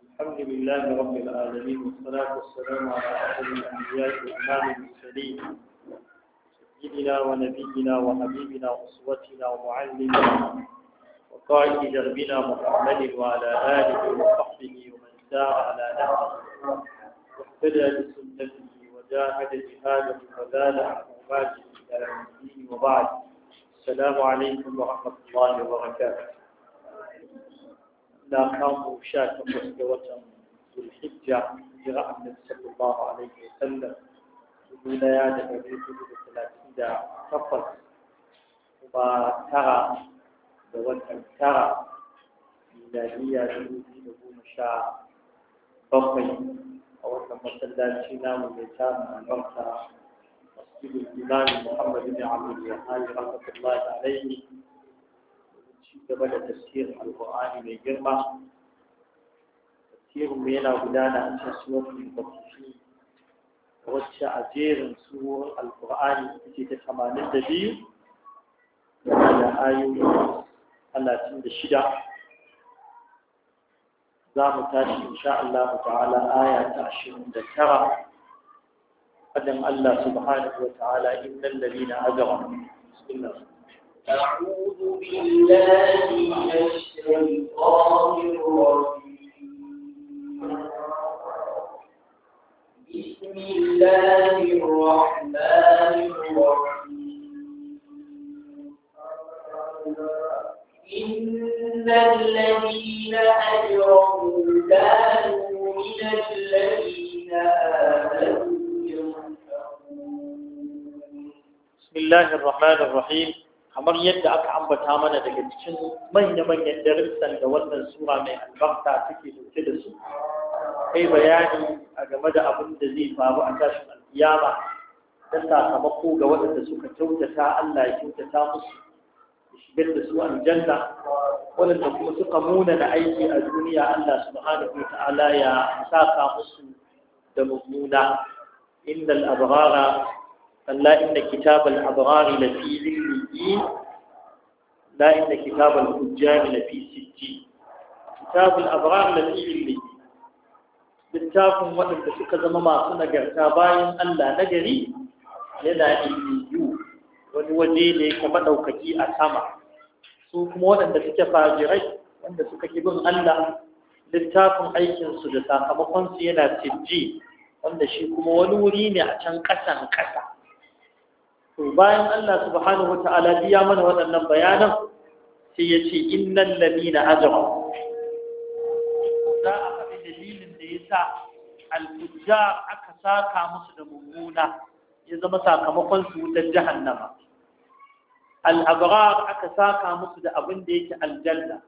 الحمد لله رب العالمين والصلاة والسلام على أشرف الأنبياء وإمام المرسلين سيدنا ونبينا وحبيبنا وأسوتنا ومعلمنا وقائد دربنا محمد وعلى آله وصحبه ومن سار على نهجه واهتدى بسنته وجاهد جهاده وزاد عقوباته إلى يوم الدين وبعد السلام عليكم ورحمة الله وبركاته na kamo sha takwas ga watan zulhijja jira annabi sallallahu alaihi wa sallam dubu daya da ɗari hudu da talatin da takwas kuma tara da watan tara miladiyya dubu biyu da goma sha bakwai a wannan masallaci namu mai tarin albarka masjidul imam Muhammadu bin abdul wahab rahmatullahi alaihi ci gaba da tafsirin alƙur'ani mai girma tafsirin mu yana gudana a cikin suwanin bakifi wacce a jerin suwar alƙur'ani ita ta tamanin da biyu yana da ayoyi talatin da shida za mu tashi insha Allah ta'ala aya ta ashirin da tara قدم الله سبحانه وتعالى إن الذين أجروا بسم الله أعوذ بالله من الشيطان الرجيم بسم الله الرحمن الرحيم إن الذين أجرموا كانوا من الذين آمنوا بسم الله الرحمن الرحيم kamar yadda aka ambata mana daga cikin manya-manyan darussan da wannan sura mai albarka take dauke da su kai bayani a game da abin da zai faru a tashin alkiyama don sakamako ga waɗanda suka kyautata Allah ya kyautata musu ya shigar da su aljanna waɗanda kuma suka munana aiki a duniya Allah subhanahu wa ta'ala ya saka musu da mummuna innal abrara Allah inna kitabal abrari lafi النبيين لا إن كتاب الفجار لفي سجين كتاب الأبرار لفي عليين waɗanda suka zama masu nagarta bayan Allah nagari yana ilmiyu wani waje ne ka maɗaukaki a sama su kuma waɗanda suke fajirai wanda suka ki bin Allah littafin aikinsu da sakamakonsu yana sijji wanda shi kuma wani wuri ne a can ƙasan ƙasa to bayan Allah subhanahu Ta'ala biya mana waɗannan bayanan sai ya ce innal ladina ajra za a faɗi dalilin da ya sa al aka saka musu da mummuna ya zama sakamakon su wutar jihar al-abrar aka saka musu da abin da yake aljanna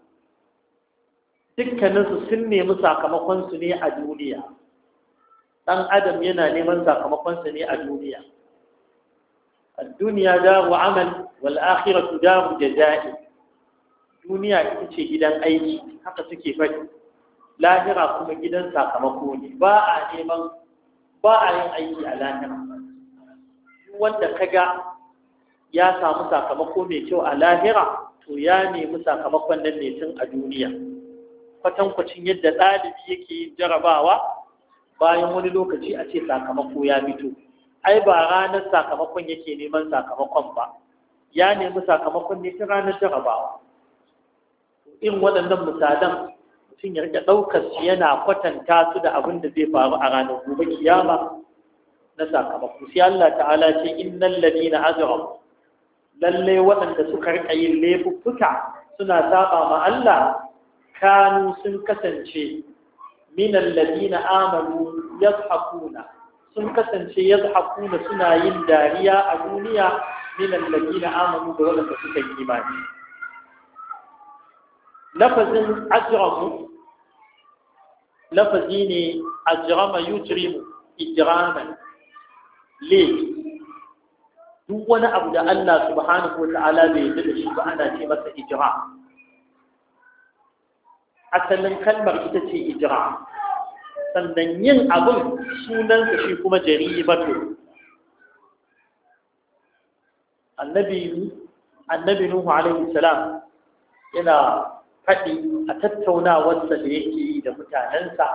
dukkaninsu sun nemi sakamakonsu ne a duniya ɗan adam yana neman sakamakonsa ne a duniya الدنيا دار عمل والآخرة دار جزاء duniya ita ce gidan aiki haka suke faɗi lahira kuma gidan sakamako ne ba a neman ba a yin aiki a lahira wanda ka ya samu sakamako mai kyau a lahira to ya nemi sakamakon nan ne tun a duniya kwatankwacin yadda ɗalibi yake jarabawa bayan wani lokaci a ce sakamako ya mito. ai ba ranar sakamakon yake neman sakamakon ba ya nemi sakamakon ne ta ranar jarabawa in waɗannan misalan mutum ya rike ɗaukar su yana kwatanta su da abin da zai faru a ranar gobe kiyama na sakamako sai Allah ta'ala ce innal ladina ajramu lalle waɗanda suka rika yin laifuffuka suna saba ma Allah kanu sun kasance minal ladina amanu yadhakuna sun kasance ya zahaku da suna yin dariya a duniya minan lagi na amonu da waɗanda suka yi imani lafazin ajiramu lafazi ne ajirama yujrimu ijiraman laifi duk wani abu da Allah subhanahu wa ta'ala bai yi da shi ba ana ce masa ijira asalin kalmar ita ce ijira sannan yin abin sunansa shi kuma jaribatu annabi annabi nuhu alaihi salam yana faɗi a tattaunawarsa da yake yi da mutanensa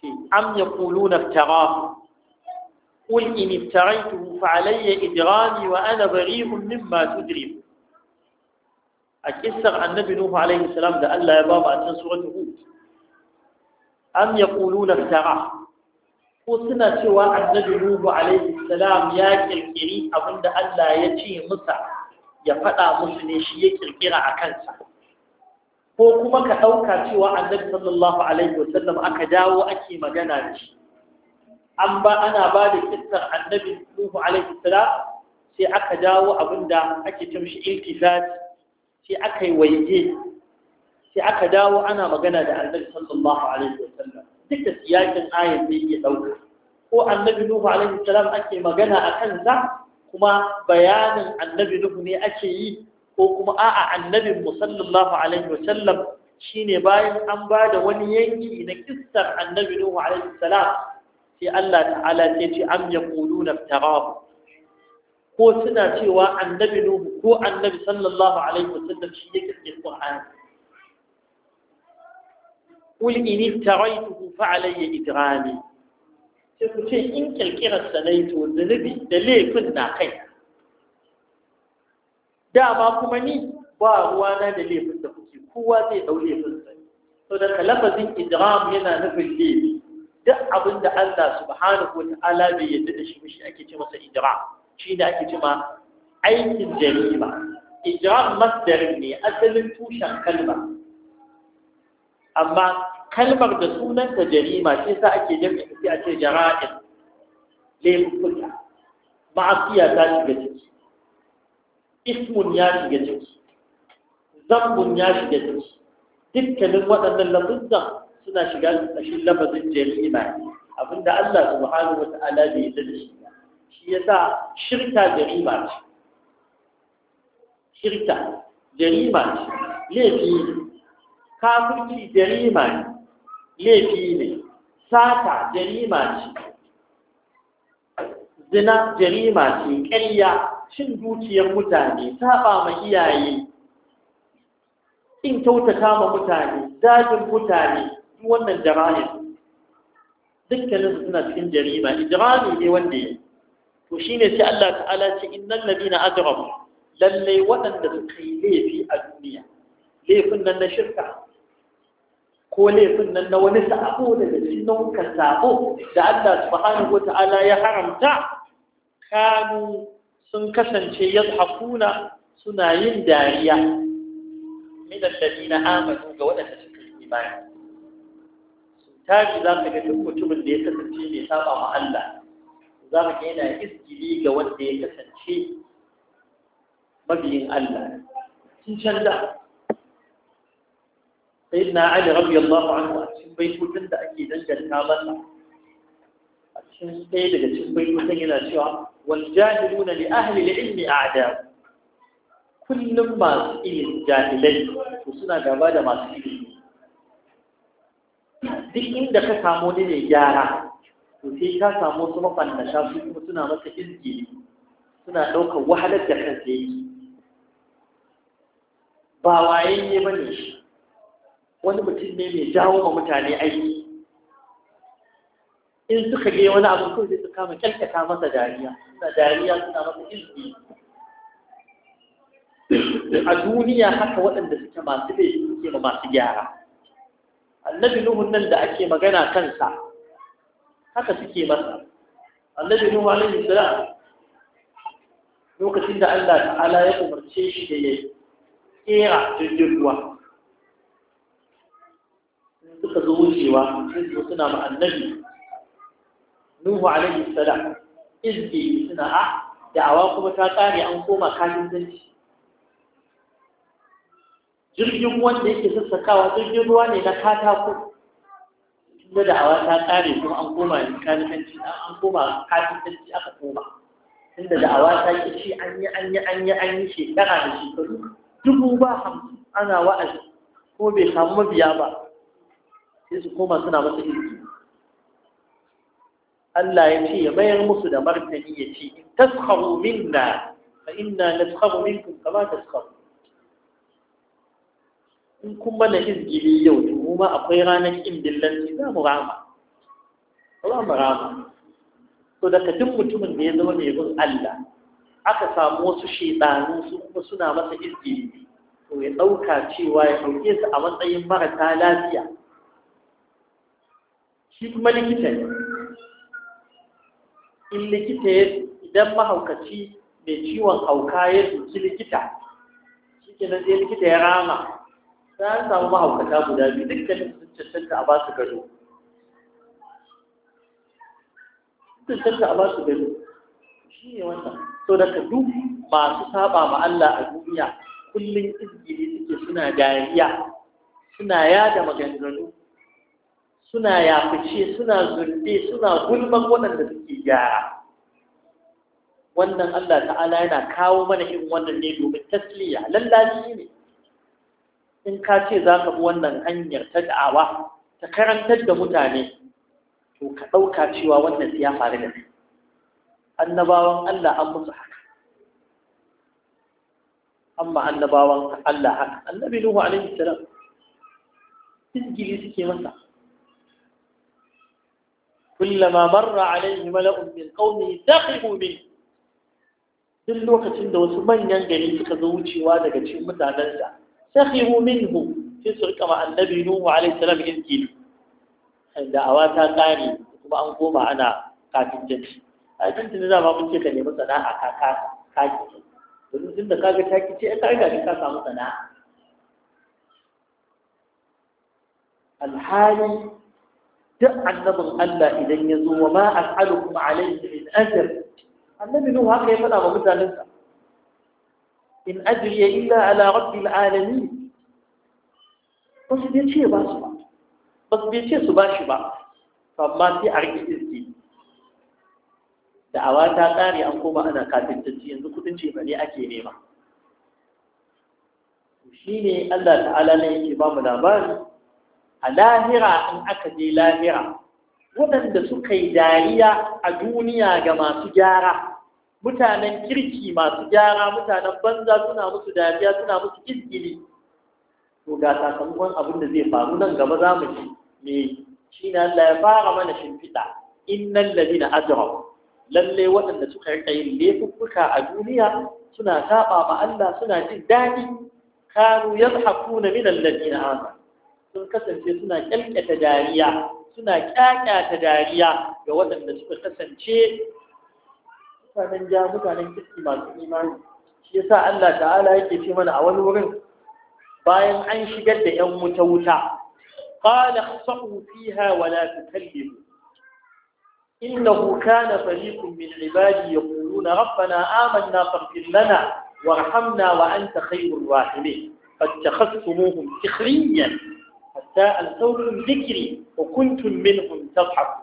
shi am yaquluna iftara قل إن افتريته فعلي إجرامي وأنا بريء مما تجرم أكسر النبي نوح عليه السلام ده ألا يبابا أتنسورته am yaquluna tara ko suna cewa annabi nuhu alaihi salam ya kirkiri abinda Allah ya ce musa ya faɗa musu ne shi ya kirkira a kansa ko kuma ka ɗauka cewa annabi sallallahu alaihi wasallam aka dawo ake magana da shi an ba ana ba da kissar annabi nuhu alaihi salam sai aka dawo abinda ake cin shi iltifat sai aka yi sai aka dawo ana magana da annabi sallallahu alaihi wasallam duk da siyakin ayan da yake dauka ko annabi nuhu alaihi salam ake magana a kansa kuma bayanin annabi nuhu ne ake yi ko kuma a'a annabin mu sallallahu alaihi wasallam shine bayan an ba da wani yanki na kissar annabi nuhu alaihi salam sai Allah ta'ala ya ce am yaquluna tarahu ko suna cewa annabi nuhu ko annabi sallallahu alaihi wasallam shi yake cikin qur'ani قل إن افتريته فعلي إجرامي sai ku ce in kirkirar sanai to zunubi da laifin na kai dama kuma ni ba ruwana da laifin da kuke kowa zai ɗau laifin sa to da kalafazin idram yana nufin laifi duk abinda Allah subhanahu wata'ala bai yarda da shi shi ake ce masa idram shi da ake ce aikin jarima idram masdarin ne asalin tushen kalma amma kalmar da sunanta jarima shi sa ake jami'a sai a ce jara'in laifuka ma'asiya ta shiga ciki ismun ya shiga ciki zambun ya shiga ciki dukkanin waɗannan lafizan suna shiga ƙarshen lafazin jarima abinda Allah subhanahu wa ta'ala bai yi da shi ya sa shirka jarima ce shirka jarima ce laifi kafirci jarima ne laifi ne sata jarima ce zina jarima ce ƙarya cin dukiyar mutane saba ma iyaye in kyautata ma mutane dajin mutane wannan jara'in dukkanin suna cikin jarima ijrami ne wanda ya to ne sai Allah ta'ala ce innal ladina ajramu Lallai, waɗanda suka yi laifi a duniya laifin nan na shirka ko laifin nan na wani sa'o daga cikin nau'ukan sa'o da Allah subhanahu wata'ala ya haramta kanu sun kasance yadhakuna suna yin dariya min alladina amanu ga waɗanda suka yi imani tari za mu ga duk mutumin da ya kasance mai saba ma Allah za ka yana izgili ga wanda ya kasance mabiyin Allah sun canza sayyidina ali radiyallahu anhu a cikin baitutun da ake danganta masa a cikin sai daga cikin baitutun yana cewa wal jahiluna li ahli al-ilmi a'da kullum masu ilimi jahilai to suna gaba da masu ilimi duk inda ka samu ne mai gyara to sai ka samu wasu mafannasha su kuma suna masa izgili suna ɗaukar wahalar da kansa yake ba waye ne ba ne shi wani mutum ne mai jawo ma mutane aiki in suka ga wani abu ko sai su kama kyalkata masa dariya suna dariya suna masa izini a duniya haka waɗanda suke masu bai suke ma masu gyara annabi nuhun nan da ake magana kansa haka suke masa annabi nuhu alaihi salam lokacin da Allah ta'ala ya umarce shi da ya kera jirgin ruwa suka zo wucewa sun zo suna ma annabi nuhu alaihi salam izbi suna a ah, da'awa kuma ta kare an koma kafin zanci jirgin wanda yake sassakawa jirgin ruwa ne na katako da da'awa ta kare kuma an koma zanci an koma zanci aka koma inda da'awa ta yi ci an yi an yi an yi an yi shekara da shekaru dubu ba hamsin ana wa'azi ko bai samu mabiya ba sai su koma suna masa izini Allah ya ce ya bayar musu da martani ya ce in taskharu minna fa inna naskharu minkum kama taskharu in kun mana izgili yau to mu ma akwai ranar kin dillanci za mu rama za mu rama to daga duk mutumin da ya zama mai bin Allah aka samu wasu shaidanu su kuma suna masa izgili to ya ɗauka cewa ya ɗauke su a matsayin marasa lafiya shi kuma likita ne in likita ya idan mahaukaci mai ciwon hauka ya duki likita shi ke nan sai likita ya rama za a samu mahaukata guda biyu dukkanin sun cancanta a basu su gado cancanta a ba su gado shi ne wannan so da ka duk masu saba ma Allah a duniya kullum izgili suke suna dariya suna yada maganganu suna yafice suna zurbe suna gulman waɗanda suke gyara wannan Allah ta'ala yana kawo mana irin wannan ne domin tasliya lallashi ne in ka ce za ka bi wannan hanyar ta da'awa ta karantar da mutane to ka ɗauka cewa wannan ya faru da annabawan Allah an musu haka amma annabawan Allah haka annabi Nuhu alaihi salam izgili suke masa kullama marra alaihi mala'un min qaumi taqihu min duk lokacin da wasu manyan gari suka zo wucewa daga cikin mutanensa sakhiru minhu sai su rika annabi nuhu alaihi salam izgili da awa ta kare kuma an koma ana kafin kafintanci a cikin da ma mun ce ka nemi sana'a ka ka kaki domin tunda kaga ta kice ai ka riga ka samu sana'a alhali duk annabin Allah idan ya zo wa ma as'alukum alayhi min ajr annabi nuhu haka ya faɗa wa mutanensa in ajiye illa ala rabbil alami? Wasu su bai ce ba su ba ba su bai ce su ba shi ba amma sai a rike iski da'awa ta tsari an koma ana kafintanci yanzu kudin ce ba ne ake nema shi ne Allah ta'ala ne yake ba mu labari a lahira in aka je lahira waɗanda suka yi dariya a duniya ga masu gyara mutanen kirki masu gyara mutanen banza suna musu dariya suna musu ƙirƙiri. to ga sakamakon abin da zai faru nan gaba za mu ji me shi na Allah ya fara mana shimfiɗa innal ladina ajramu lalle waɗanda suka riƙa yin laifuffuka a duniya suna saɓa ma Allah suna jin daɗi kanu yadhakuna min alladina amanu sun kasance suna kyalkyata dariya suna kyakyata dariya ga waɗanda suka kasance mutanen ja mutanen kirki masu imani shi yasa Allah ta'ala yake ce mana a wani wurin bayan an shigar da ƴan wuta wuta qala khsahu fiha wa la tukallimu innahu kana fariqun min ibadi yaquluna rabbana amanna faghfir lana warhamna wa anta khayrul rahimin fattakhasumuhum sikhriyan حتى القول الذكري وكنت منهم تضحك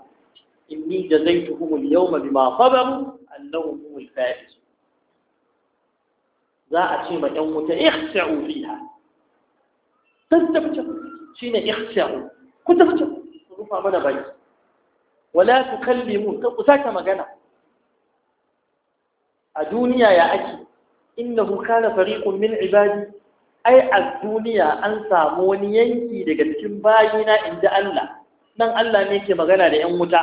إني جزيتهم اليوم بما صبروا أنهم هم الفائز زاء شيمة يوم تخشعوا فيها تستفتح شيمة اخشعوا كنت تفتح رفع من بيت ولا تكلمون وساك مجانا أدوني يا اخي إنه كان فريق من عبادي ai a duniya an samu wani yanki daga cikin bayina in ji Allah nan Allah ne ke magana da 'yan wuta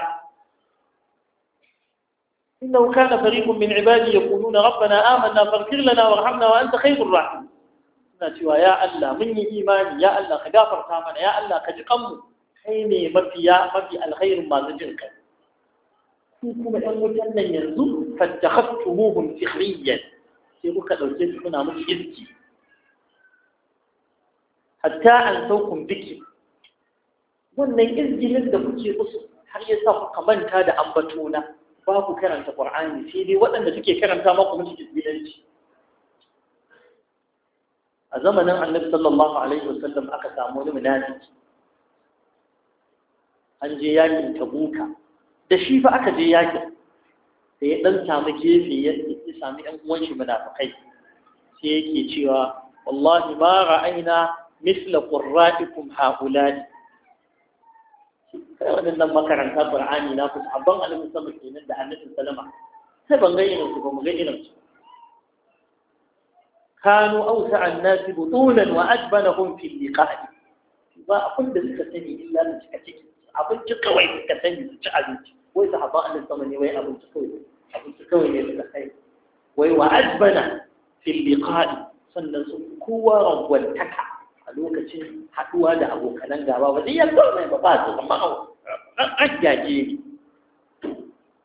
wuka na min kunu na فريق من عبادي يقولون ربنا آمنا فاغفر لنا وارحمنا وأنت خير الراحمين cewa ya Allah mun yi imani ya Allah ka gafarta mana ya Allah ka ji kanmu kai ne mafi ya mafi alkhairin masu jin kai ku kuma 'yan wutan nan yanzu fattakhaftuhum sikhriyan sai kuka dauke su kuna musu iski hatta an saukun biki wannan izgilin da kuke musu har ya sa kuka manta da ambatona ba ku karanta ƙur'ani sai dai waɗanda suke karanta maku musu izgilanci a zamanin annabi sallallahu alaihi wasallam aka samu wani munafiki an je yakin tabuka da shi fa aka je yakin sai ya dan samu gefe ya sami ɗan uwan shi munafikai sai yake cewa wallahi ma ra'ayna مثل قرائكم هؤلاء kai waɗannan makaranta Qur'ani na ku abban annabi sama kenan da annabi sallama sai ban ga irin su ba mu ga irin su kanu awsa an-nas butulan wa ajbanahum fi liqa'i ba abin da suka sani illa na cika ciki abinci kawai suka sani su ci abinci wai sahaba annabi sama ne wai abinci kawai abinci kawai ne suka sani wai wa ajbana fi liqa'i sannan su kowa ragwantaka a lokacin haɗuwa da abokanan gaba ba zai yarda mai ba ba su amma an agyaje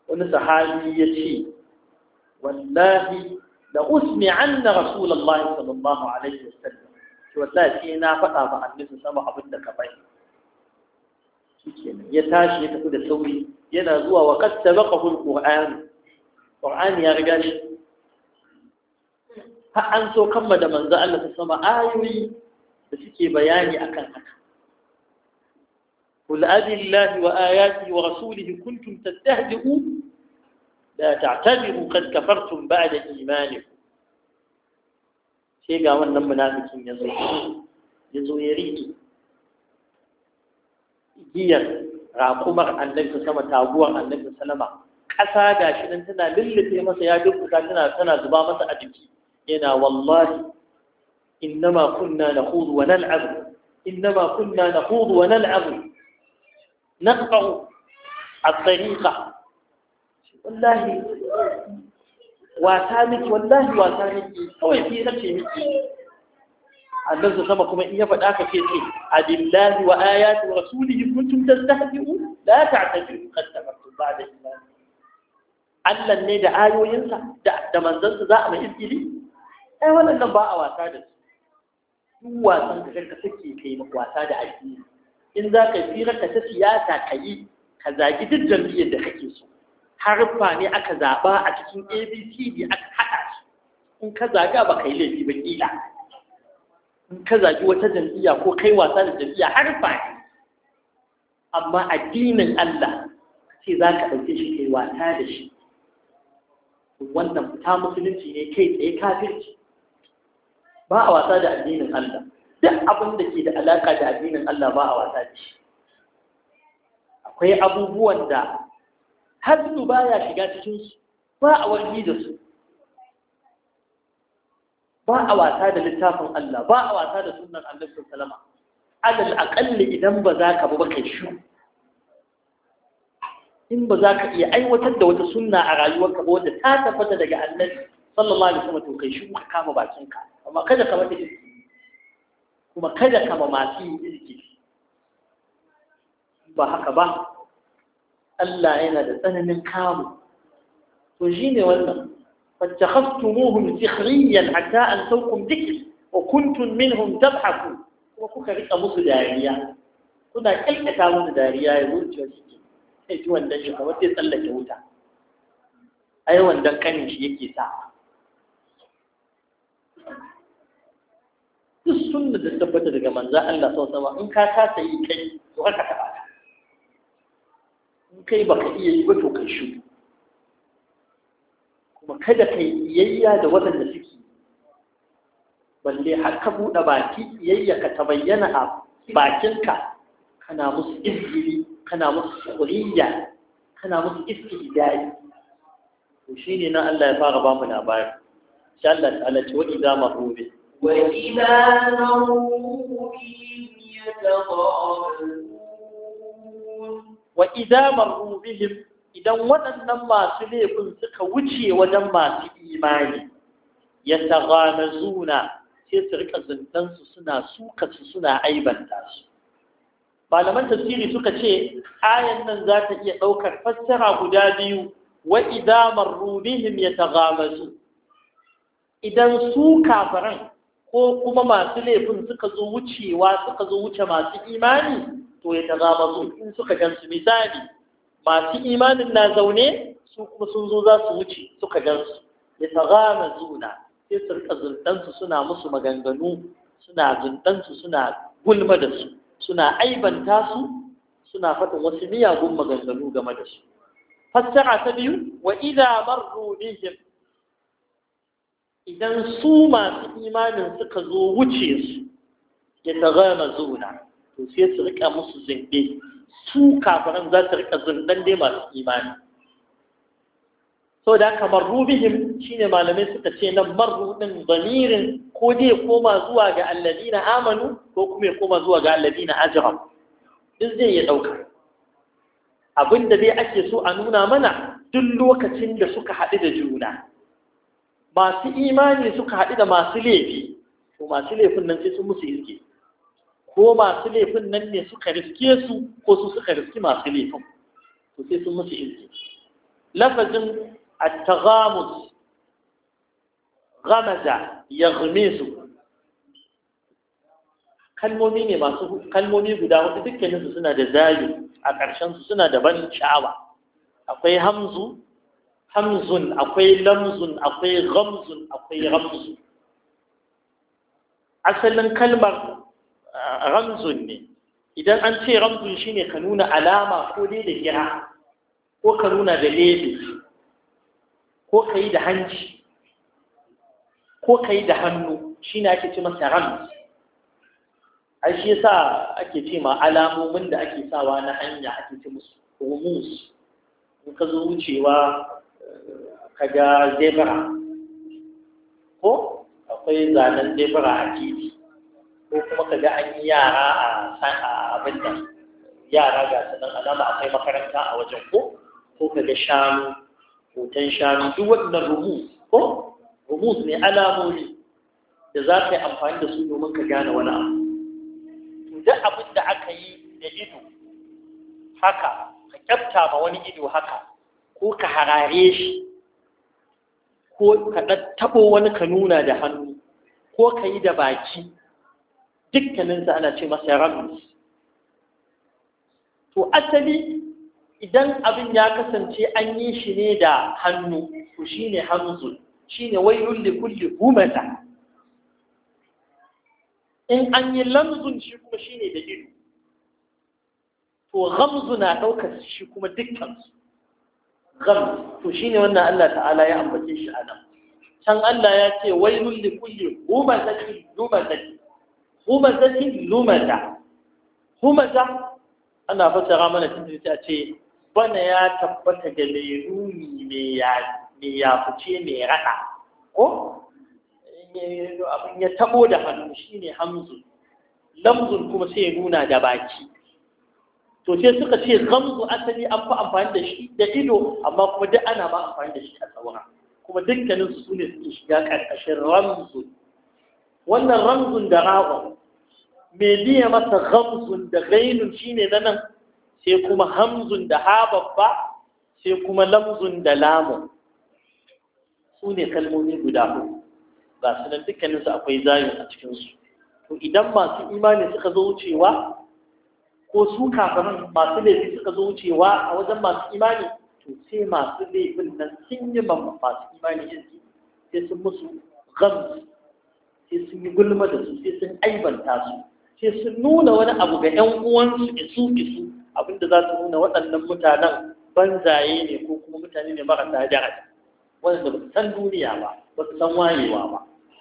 wani sahabi ya ce wallahi da usmi an anna rasulullahi sallallahu alaihi wasallam to wallahi sai na faɗa ba annabi sama abin da ka bai shikenan ya tashi ya tafi da sauri yana zuwa wa qad sabaqahu alquran qur'ani ya riga shi har an so kamma da manzo Allah sama ayoyi da suke bayani akan haka قل أبي الله da ورسوله كنتم تستهزئون لا تعتبروا قد كفرتم بعد إيمانكم sai ga wannan munafikin ya zo ya zo Giyar, raƙumar annabi sama taguwar annabi salama ƙasa ga shi nan tana lullufe masa ya dukkuka tana tana zuba masa a jiki yana wallahi إنما كنا نخوض ونلعب إنما كنا نخوض ونلعب نقطع الطريقة والله وثالث والله وثالث هو في نفسه annabi sama kuma in faɗa ka ce ce adillahi wa ayati wa rasulihi kuntum tastahzi'u la ta'tabiru qad tafartum ba'da iman Allah ne da ayoyinsa da da manzansa za a mai izgili ai wannan ba a wasa duk wasan ka suke kai kai wasa da addini in za ka fira ka ta siyasa ka yi ka zagi duk jam'iyyar da kake so harfa ne aka zaba a cikin abcd aka haɗa su in ka zaga ba ka yi laifi ba kila in ka zagi wata jam'iyya ko kai wasa da jam'iyya har ne amma addinin Allah sai za ka ɗauke shi kai wasa da shi wannan ta musulunci ne kai tsaye kafirci ba a wasa da addinin Allah duk abin da ke da alaka da addinin Allah ba a wasa da shi akwai abubuwan da ba ya shiga cikin su ba a wargi da su ba a wasa da littafin Allah ba a wasa da sunnan Allah sallama alal aqalli idan ba za ka ba kai shi in ba za ka iya aiwatar da wata sunna a rayuwarka ba wanda ta tabbata daga annabi sallallahu alaihi wasallam to kai shi ka kama bakinka amma kada ka mata izini kuma kada ka ma masu yin izini ba haka ba Allah yana da tsananin kamu to shine wannan fattakhaftumuhum sikhriyan hatta an saukum dhikri wa kuntum minhum tabhakun kuma kuka rika musu dariya kuna kalkata musu dariya ya wuce shi sai ji wannan shi kamar sai tsallake wuta ai wannan kanin shi yake sa duk sunna da tabbata daga manzan Allah sau sama in ka kasa yi kai to haka ta bata in kai ba ka iya yi ba to kai shi kuma kada ka yi iyayya da waɗanda suke balle har ka buɗe baki iyayya ka ta bayyana a bakinka kana musu izgiri kana musu kuriya kana musu istidai to shine nan Allah ya fara ba mu labari insha Allah ta'ala ce wa idza وإذا مروا بهم وإذا مروا بهم idan waɗannan masu laifin suka wuce wajen masu imani ya tagana sai su rika zantansu suna su suna aibanta su malaman tafsiri suka ce ayan nan za ta iya ɗaukar fassara guda biyu wa idamar rubihim ya tagamazu idan su kafaran ko kuma masu laifin suka zo wucewa suka zo wuce masu imani to ya tagamazu in suka gansu misali masu imanin na zaune su kuma sun zo za su wuce suka gansu ya tagamazuna sai su rika zuntansu suna musu maganganu suna zuntansu suna gulma da su suna aibanta su suna faɗin wasu miyagun maganganu game da su fassara ta biyu wa idza marru bihim idan su masu imanin suka zo wuce su ya tagama zuna to sai su rika musu zinde su kafiran za su rika zindan dai masu imani Sau da kamar rubihim shine malamai suka ce nan marru zamirin ko dai koma zuwa ga alladina amanu ko kuma ya koma zuwa ga alladina ajram duk zai ya dauka abinda dai ake so a nuna mana duk lokacin da suka haɗu da juna masu imani suka haɗu da masu laifi to masu laifin nan sai sun musu iske ko masu laifin nan ne suka riske su ko su suka riski masu laifin to sai sun musu iske lafazin at-taghamus ghamaza su kalmomi ne masu kalmomi guda wasu, dukkaninsu suna da zayu a ƙarshen su suna da ban sha'awa akwai hamzu hamzun akwai lamzun akwai ghamzun akwai ramzun asalin kalmar ramzun ne idan an ce ramzun shine ka nuna alama ko dai da gira ko ka nuna da lebe ko ka yi da hanci ko ka yi da hannu shine ake ce masa ramz ai shi ake ce ma alamomin da ake sawa na hanya ake ce musu rumus in ka zo wucewa kaga zebra ko akwai zanen zebra a titi ko kuma kaga an yi yara a abin yara ga sanar alama akwai makaranta a wajen ko ko kaga shanu hoton shanu duk waɗannan rumu ko rumu ne alamomi da za ka yi amfani da su domin ka gane wani abu duk abin da aka yi da ido haka ka kyafta ma wani ido haka ko ka harare shi ko ka taɓo wani ka nuna da hannu ko ka yi da baki dukkaninsa ana ce masa ramus to asali idan abin ya kasance an yi shi ne da hannu to shi ne hanzul shi ne wai da kulle humata in an yi lamzun shi kuma shi ne da ido to gamzu na ɗaukar shi kuma dukkansu gam to shine wannan Allah ta'ala ya ambace shi a nan can Allah ya ce wai lulli kulli humata lumata lumata humata ana fassara mana cikin ce bana ya tabbata da leruni me ya me ya me rada ko abin ya tabo da hannu shine hamzu lamzun kuma sai ya nuna da baki to sai suka ce gamzu asali an fi amfani da shi da ido amma kuma duk ana ba amfani da shi a tsawara kuma dukkanin su ne suke shiga karkashin ramzu wannan ramzun da rawa me biya masa gamzun da gainun shine na nan sai kuma hamzun da hababba sai kuma lamzun da lamun su ne kalmomi guda huɗu ga su nan dukkaninsu akwai zayi a cikinsu to idan masu imani suka zo wucewa ko su kafin masu laifi suka zo wucewa a wajen masu imani to sai masu laifin nan sun yi masu imani yanzu sai sun musu gams sai sun yi gulma da su sai sun aibanta su sai sun nuna wani abu ga 'yan uwansu isu isu abinda za su nuna waɗannan mutanen banzaye ne ko kuma mutane ne marasa daraja wanda ba su san duniya ba ba su san wayewa ba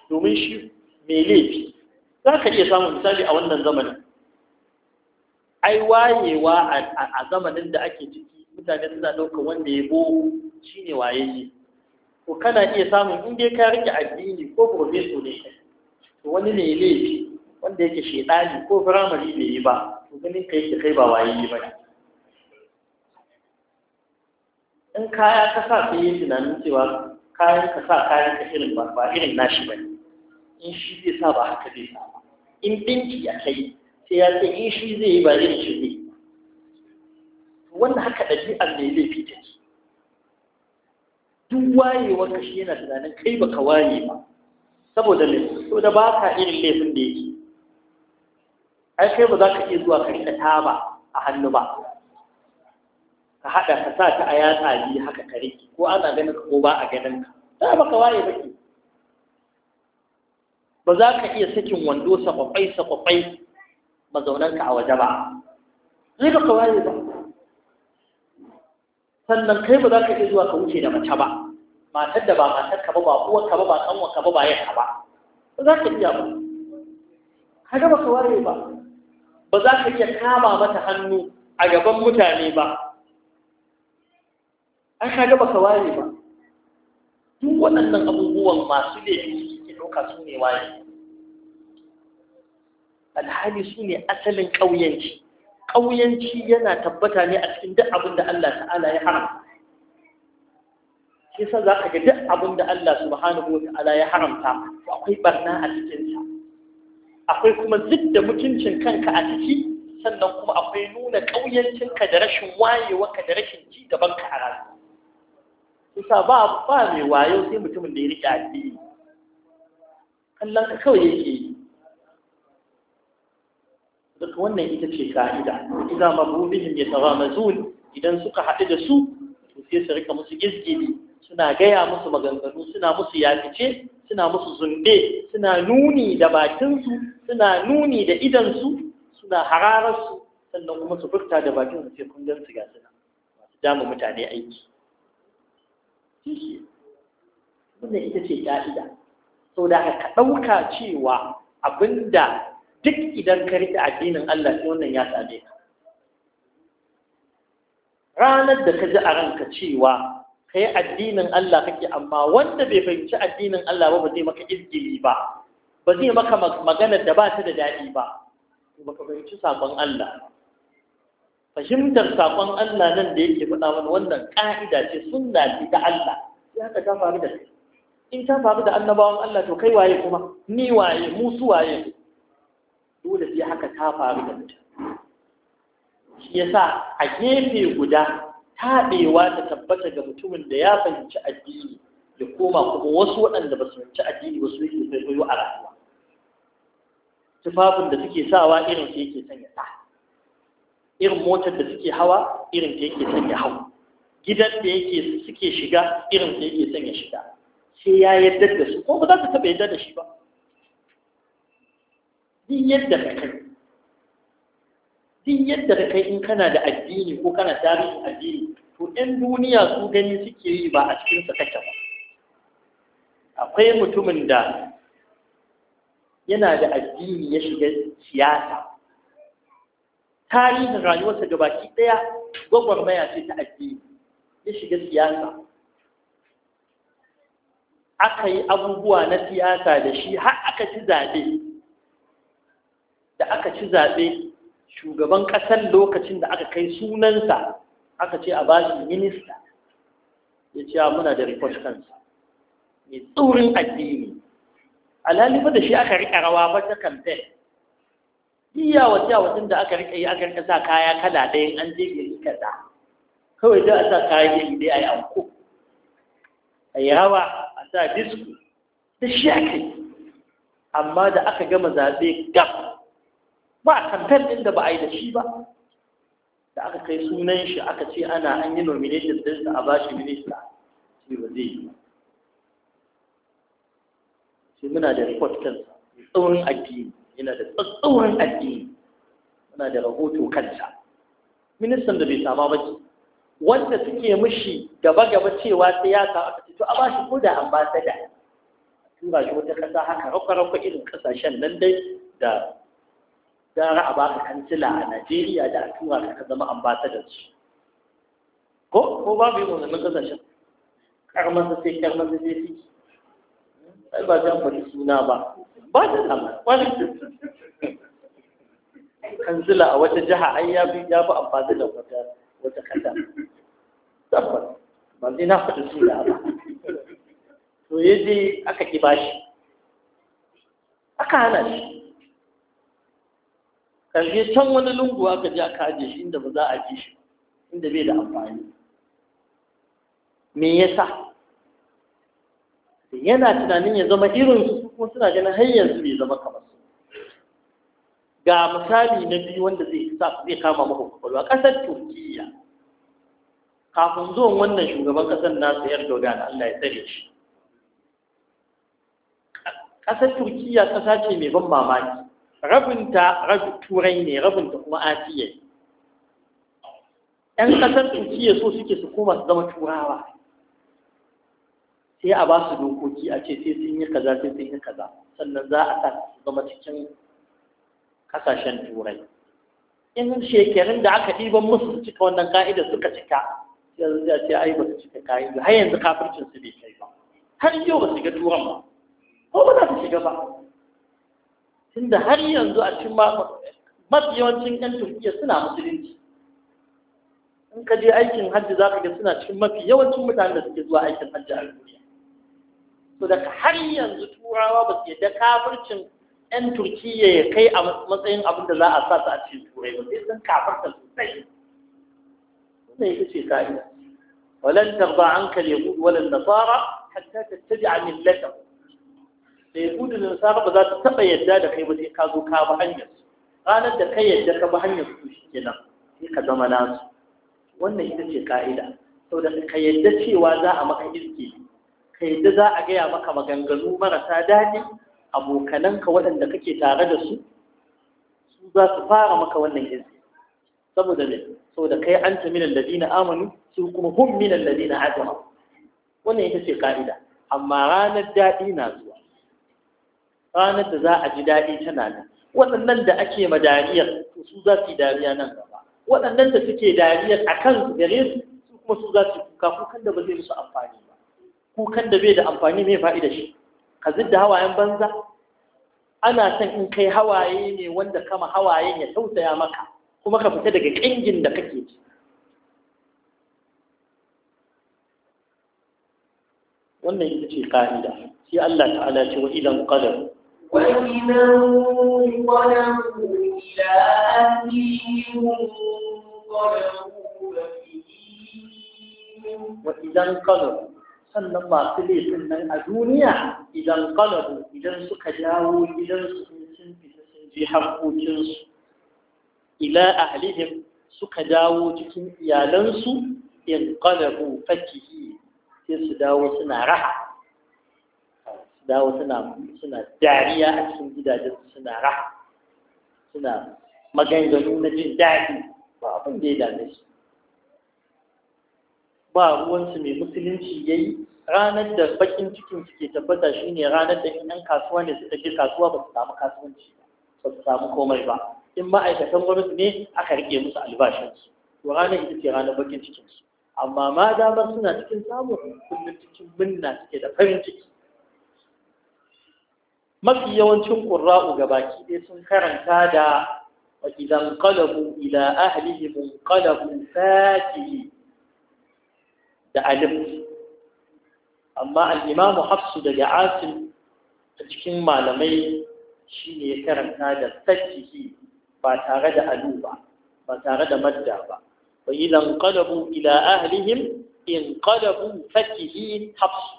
domin shi mai laifi za ka iya samun misali a wannan zamanin ai wayewa a zamanin da ake ciki mutane suna ɗaukar wanda ya bo shine ne? ko kana iya samun in dai ka rike addini ko profeso ne to wani ne ne wanda yake shedani ko firamare bai yi ba to ganin ka yake kai ba waye ne ba in kaya ka sa sai yi tunanin cewa kayan ka sa kayan ka irin ba ba irin nashi ba in shi zai sa ba haka zai sa ba in dinki a kai sai ya ce in eh, shi zai yi ba zai shi zai wannan haka ɗabi'ar mai fi take duk wayewar ka shi yana tunanin kai baka waye ba saboda ne da ba ka irin laifin da yake ai kai ba za ka iya zuwa ka riƙa taba a hannu ba ka haɗa ka sa ta a yatsa biyu haka ka riƙe ko ana ganin ka ko ba a ganin ka ba ka waye ba ba za ka iya sakin wando sakwafai sakwafai mazaunanka a waje ba zai ka kawai ba sannan kai ba za ka iya zuwa ka wuce da mace ba matar da ba matar ka ba ba uwar ka ba ba kanwar ka ba ba yanka ba ba za ka iya ba ka ga ba ka ware ba ba za ka iya kama mata hannu a gaban mutane ba an ka ga ba ka ware ba duk waɗannan abubuwan masu laifi suke ɗauka su ne waye alhali su ne asalin ƙauyanci ƙauyanci yana tabbata ne a cikin duk abin da Allah ta'ala ya haramta shi za ka ga duk abin da Allah subhanahu wa ta'ala ya haramta akwai barna a cikinsa akwai kuma zidda mutuncin kanka a ciki sannan kuma akwai nuna ka da rashin ka da rashin ci gabanka a rayuwa isa ba ba mai wayo sai mutumin da ya riƙe addini kallon ka kawai yake yi wannan ita ce ka'ida idan mabubihin ya tara mazul idan suka haɗu da su to sai su rika musu gizgini suna gaya musu maganganu suna musu yafice suna musu zunde suna nuni da bakinsu suna nuni da idansu suna harararsu sannan kuma su furta da bakin su sai kundin su gasu nan masu dama mutane aiki wannan ita ce ka'ida sau da aka ɗauka cewa abinda duk idan ka riƙe addinin Allah sai wannan ya same ka ranar da ka ji a ranka cewa ka yi addinin Allah kake amma wanda bai fahimci addinin Allah ba ba zai maka izgili ba ba zai maka maganar da ba ta da daɗi ba ba ka fahimci saƙon Allah fahimtar saƙon Allah nan da yake faɗa mana wannan ƙa'ida ce sunna ce ta Allah sai haka ta faru da kai in ta faru da annabawan Allah to kai waye kuma ni waye mu su waye dole sai haka ta faru da mutum shi yasa a gefe guda taɓewa ta tabbata ga mutumin da ya fahimci addini ya koma kuma wasu waɗanda ba su fahimci addini ba su yake kwaikwayo a rayuwa tufafin da suke sawa irin su yake sanya sa irin motar da suke hawa irin ta yake sanya hau gidan da yake suke shiga irin ta yake sanya shiga sai ya yarda da su ko ba za ta taɓa yarda da shi ba din yadda ka kai din yadda ka kai in kana da addini ko kana tarihin addini to ɗan duniya su gani suke yi ba a cikinsa kake ba akwai mutumin da yana da addini ya shiga siyasa tarihin rayuwarsa baki ɗaya gwagwarmaya ce ta addini ya shiga siyasa aka yi abubuwa na siyasa da shi har aka ci zaɓe da aka ci zaɓe shugaban ƙasar lokacin da aka kai sunansa aka ce a bashi minista ya ce muna da report kansa mai tsorin addini alhalifa da shi aka riƙa rawa ba ta kamfe iya wata tun da aka riƙa yi aka riƙa sa kaya kala ɗayan an je riƙa kaza kawai da a sa kaya gari dai a yi anko a yi rawa a sa disku da shi ake amma da aka gama zaɓe gaba ba kamfen ɗin da ba a yi da shi ba da aka kai sunan shi aka ce ana an yi nomination din sa a bashi minista shi ba zai yi shi muna da report kansa tsaurin addini yana da tsawon addini muna da rahoto kansa ministan da bai sama ba ce wanda suke mishi gaba-gaba cewa sai ya sa aka to a ba shi ko da ambasada tura shi wata kasa haka rakwa-rakwa irin kasashen nan dai da gara a baka kansila a Najeriya da a tura ka zama ambasadar su ko ko babu yin wannan kasashen karmasa sai karmasa sai fiki ai ba zan faɗi suna ba ba ta da kwanin kansila a wata jiha ai ya bi ya fi amfani da wata wata kasa tabbas ba zai na faɗi suna ba to yaje aka ki bashi aka hana shi ƙarshe can wani lungu aka ji aka ajiye shi inda ba za a ji shi inda bai da amfani me yasa yana tunanin ya zama irin su ko suna ganin hanyar su bai zama kamar su ga misali na biyu wanda zai zai kama maka kwakwalwa ƙasar turkiyya kafin zuwan wannan shugaban ƙasar nasu erdogan allah ya tsare shi ƙasar turkiyya ƙasa ce mai ban mamaki rabinta rabin turai ne rabinta kuma asiya ‘yan ƙasar turkiyya so suke su koma su zama turawa sai a ba su dokoki a ce sai sun yi kaza sai sun yi kaza sannan za a sa su zama cikin kasashen turai in shekarun da aka ɗiban musu su cika wannan ka'ida suka cika yanzu a ce ai ba su cika ka'ida har yanzu kafircin su bai kai ba har yau ba su shiga turan ba ko ba za su shiga ba tunda har yanzu a cikin mafi yawancin yan Turkiyya suna musulunci in ka je aikin hajji za ka ga suna cikin mafi yawancin mutane da suke zuwa aikin hajji a duniya to daga har yanzu turawa ba su yadda kafircin yan turkiya ya kai a matsayin abin da za a sa su a cikin turai ba sai sun kafarta sosai wannan ita ce ka'ida ولن ba عنك اليهود ولا النصارى حتى تتبع ملتهم da ya gudu da sa ba za ta taɓa yadda da kai ba sai ka zo ka bi hanyar ranar da kai yadda ka bi hanyar su shi kenan sai ka zama nasu wannan ita ce ka'ida saboda ka yadda cewa za a maka iske ka yadda za a gaya maka maganganu marasa daɗi abokananka waɗanda kake tare da su su za su fara maka wannan iske saboda ne saboda kai an ta minan ladina amanu su kuma hum minan ladina ajama wannan ita ce ka'ida amma ranar daɗi na su ranar da za a ji daɗi tana nan waɗannan da ake ma dariyar su za su yi dariya nan gaba waɗannan da suke dariyar a kan gare su su kuma su za su kuka kukan da ba zai musu amfani ba kukan da bai da amfani mai fa'ida shi ka zidda hawayen banza ana son in kai hawaye ne wanda kama hawayen ya tausaya maka kuma ka fita daga ƙingin da kake ci wannan ita ce ƙa'ida sai Allah ta'ala ce wa idan qadar وإذا انقلبوا إلى أهلهم انقلبوا وإذا انقلبوا sannan masu laifin nan a duniya idan kalabu idan suka dawo gidansu sun fita sun je harkokinsu ila a halihim suka dawo cikin iyalansu in kalabu fakihi sai su dawo suna raha dawo suna suna dariya a cikin gidajen suna raha suna maganganu na jin daɗi ba abin da ya dame su ba ruwansu mai musulunci ya yi ranar da bakin cikin suke tabbata shi ne ranar da in kasuwa ne suka je kasuwa ba su samu kasuwanci ba su samu komai ba in ma'aikatan gwamnati ne aka rike musu albashinsu to ranar ita ce ranar bakin cikinsu amma ma damar suna cikin samun kullum cikin minna suke da farin ciki mafi yawancin ƙurra'u baki ɗaya sun karanta da wa idan qalabu ila ahlihim qalabu fakihi da alif amma al-imam Hafs daga Asim a cikin malamai shine ya karanta da fakihi ba tare da alu ba ba tare da madda ba wa idan qalabu ila ahlihim in qalabu fakihi Hafsu."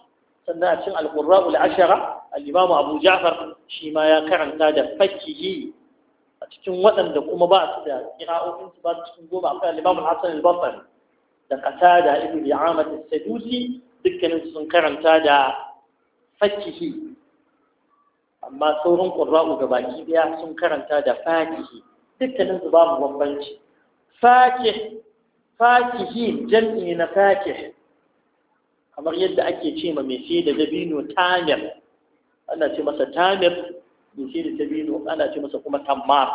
sannan a cin alƙurra'ul ashara al'imamu abu ja'far shi ma ya karanta da fakihi a cikin waɗanda kuma ba su da kira'o'in su ba su cikin goma akwai al'imamu hassan al-basar da ƙasa da ibn li'amat sadusi dukkanin sun karanta da fakihi amma sauran ƙurra'u ga baki ɗaya sun karanta da fakihi dukkanin su babu bambanci fakih jam'i na fakih kamar yadda ake ce ma mai sai da dabino tamir ana ce masa tamir mai sai da dabino ana ce masa kuma tamar.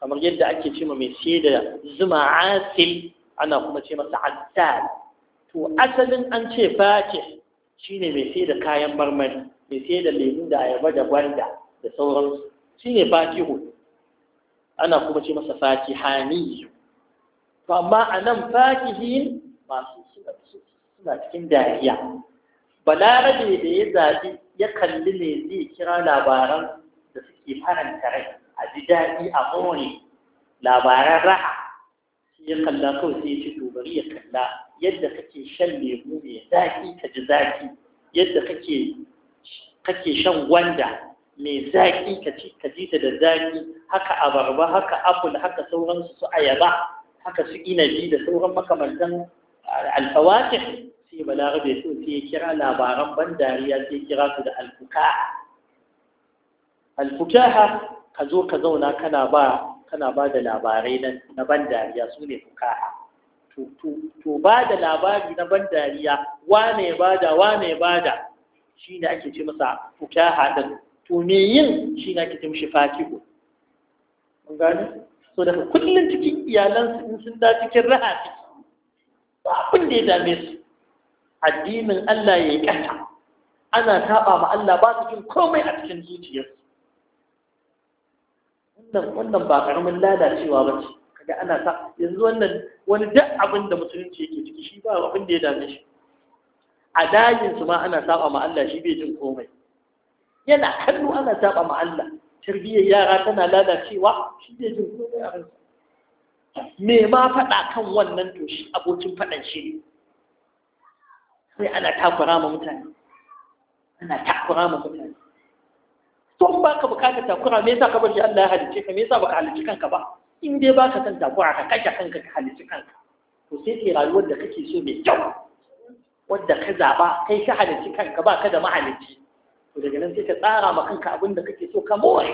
kamar yadda ake ce ma mai sai da zuma asil ana kuma ce masa addal. to asalin an ce fake shine mai sai da kayan marmari mai sai da lemu da ayaba da gwanda da sauransu shine fakihu ana kuma ce masa fakihaniyu to amma anan fakihin masu suna cikin dariya balarabe da ya zaɓi ya kalli ne zai kira labaran da suke faranta rai a ji daɗi a kowane labaran raha shi ya kalla kawai sai ya ci dogari ya kalla yadda kake shan lemu mai zaƙi ka ji zaƙi yadda kake kake shan gwanda mai zaƙi ka ji ta da zaƙi haka abarba haka apple haka sauransu su ayaba haka su inabi da sauran makamantan alfawakir sai balarabe so sai ya kira labaran ban dariya sai ya kira su da alfukaha alfukaha ka zo ka zauna kana ba kana ba da labarai na ban dariya su ne fukaha to ba da labari na ban dariya wane ya bada wane ya bada shi ne ake ce masa fukaha din to me yin shi ne ake ce mishi fakihu mun so daga kullum cikin iyalansu in sun da cikin raha ciki ba abin da ya dame su addinin Allah ya yi ƙasa ana saba ma Allah ba su jin komai a cikin zuciyarsu wannan wannan ba karamin lalacewa ba ce kaga ana sa yanzu wannan wani duk abin da musulunci yake ciki shi ba abin da ya dame shi a dajin su ma ana saba ma Allah shi bai jin komai yana kallo ana saba ma Allah tarbiyyar yara tana lalacewa shi bai jin komai a ransa me ma faɗa kan wannan to shi abokin faɗan shi ne sai ana takura ma mutane ana takura ma mutane tun ba ka bukatar takura me yasa ka bari Allah ya halicce ka me yasa baka halicci kanka ba in dai baka san takura ka kashe kanka ka halicci kanka to sai kai rayuwar da kake so mai kyau wadda ka zaba kai ka halicci kanka ba ka da mahalicci to daga nan sai ka tsara ma kanka abin da kake so ka more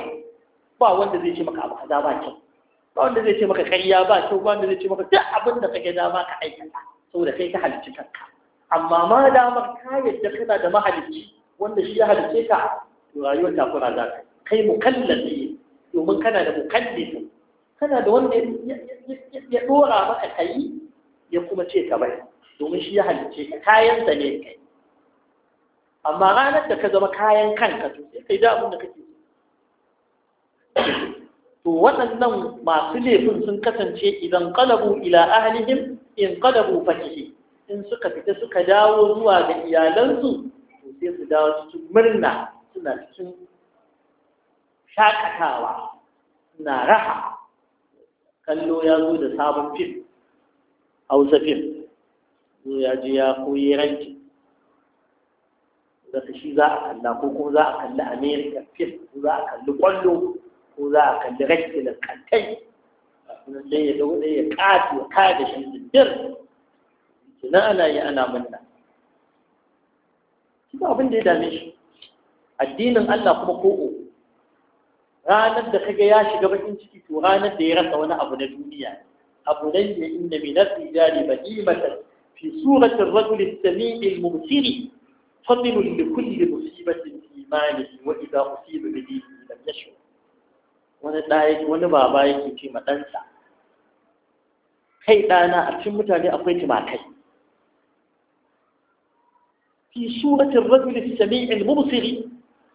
ba wanda zai ce maka abu kaza ba kyau ba wanda zai ce maka ƙarya ba kyau ba wanda zai ce maka duk abin da kake dama ka aikata saboda kai ka halicci kanka amma ma damar ka yadda kana da mahalicci wanda shi ya halice ka to rayuwar ta kuna za ka kai mukallafi domin kana da mukallafi kana da wanda ya dora maka kai ya kuma ce ka bai domin shi ya halice ka kayan sa ne kai amma ranar da ka zama kayan kanka to sai kai da abin da kake to waɗannan masu laifin sun kasance idan qalabu ila ahlihim in qalabu fakihi in suka fita suka dawo zuwa ga iyalansu to sai su dawo cikin murna suna cikin shakatawa suna raha kallo ya zo da sabon fim hausa fim zo ya je ya koyi ranki daga shi za a kalla ko kuma za a kalli america fim ko za a kalli kwallo ko za a kalli rakki da kantai sunan sai ya dauɗe ya kafi ya kada shi da ina ana yi ana munna shi ba abin da ya dame shi addinin Allah kuma ko'o ranar da kaga ya shiga bakin ciki to ranar da ya rasa wani abu na duniya abu nan ya inda min nafsi rijali badimatan fi surati ar-rajuli as-sami'i al-mubsiri fadlun li kulli musibatin fi imanihi wa idha usiba bi dinihi lam yashur wani da wani baba yake ce ma ɗansa kai ɗana a cikin mutane akwai kai. في سورة الرجل السميع المبصر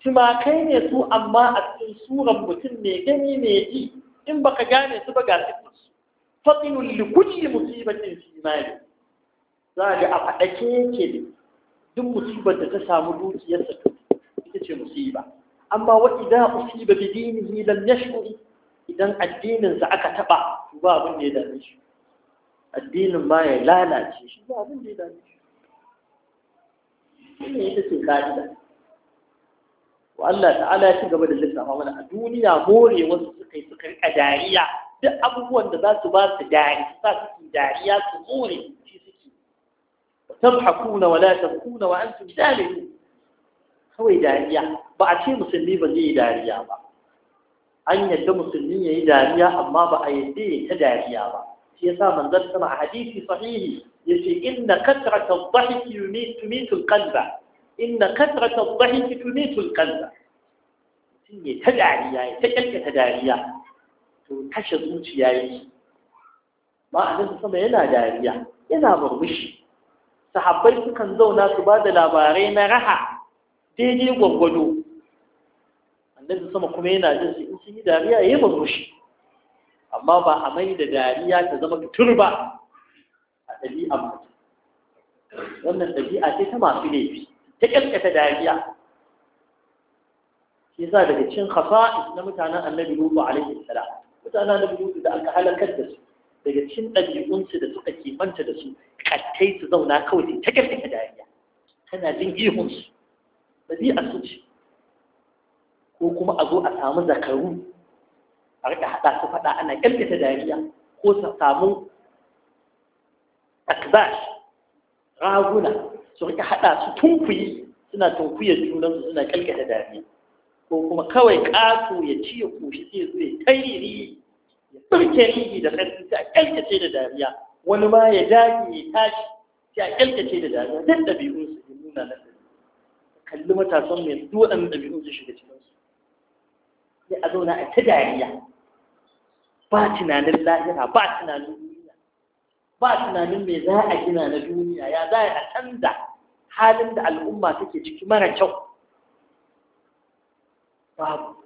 كما كان يسوء أما أتن سورة متنمي جني ميجي إن بقى جاني سبقى سبس فطن لكل مصيبة في مالي ذلك أفعكي كده دم مصيبة تسامدوك يسكت تتشي مصيبة أما وإذا أصيب بدينه لم يشعر idan addininsa aka taɓa ba abin da ya dame shi addinin ma ya lalace shi ba abin da ya dame shi shine ita ce ka'ida wa Allah ta'ala ya ci gaba da lissafa mana a duniya more wasu suka yi suka rika dariya duk abubuwan da za su ba su dari sa su dariya su more shi suke wa tabhakuna wa la tabkuna wa antum jahilun kawai dariya ba a ce musulmi ba zai yi dariya ba an yadda musulmi ya yi dariya amma ba a yadda ya ta dariya ba shi yasa manzon sama a hadisi sahihi yace inna kasrata adh-dhahik yumitu al-qalba inna kasrata adh-dhahik tumitu al-qalba shine ta dariya ya ta kalkata dariya to kashe zuciya yake ma annabi sama yana dariya yana murmushi sahabbai sukan zauna su ba da labarai na raha daidai gwaggwado annabi sama kuma yana jin su in sun yi dariya ya yi murmushi amma ba a mai da dariya ta zama ba a ɗabi'a mutum wannan ɗabi'a ce ta masu laifi ta ƙyanƙyata dariya shi yasa daga cin khasa'is na mutanen annabi a laifin salam mutanen annabi lutu da aka halakar da su daga cikin ɗabi'unsu da suka kimanta da su kattai su zauna kawai ta ƙyanƙyata dariya tana jin ihunsu ɗabi'a su ce ko kuma a zo a samu zakaru a rika haɗa su faɗa ana ƙyalƙyata dariya ko su samu akbash raguna su rika haɗa su tunkuyi suna tunkuyar junansu suna ƙyalƙyata dariya ko kuma kawai ƙato ya ci ya koshi zai zo ya tairiri ya tsirke rigi da ƙarfi sai a ƙyalƙyace da dariya wani ma ya dage ya tashi sai a ƙyalƙyace da dariya duk ɗabi'unsu ya nuna nan kalli matasan mai duk waɗannan ɗabi'un su shiga cikinsu sai a zauna a ta dariya ba tunanin lahira ba tunanin duniya ba tunanin me za a gina na duniya ya za a canza halin da al'umma take ciki mara kyau babu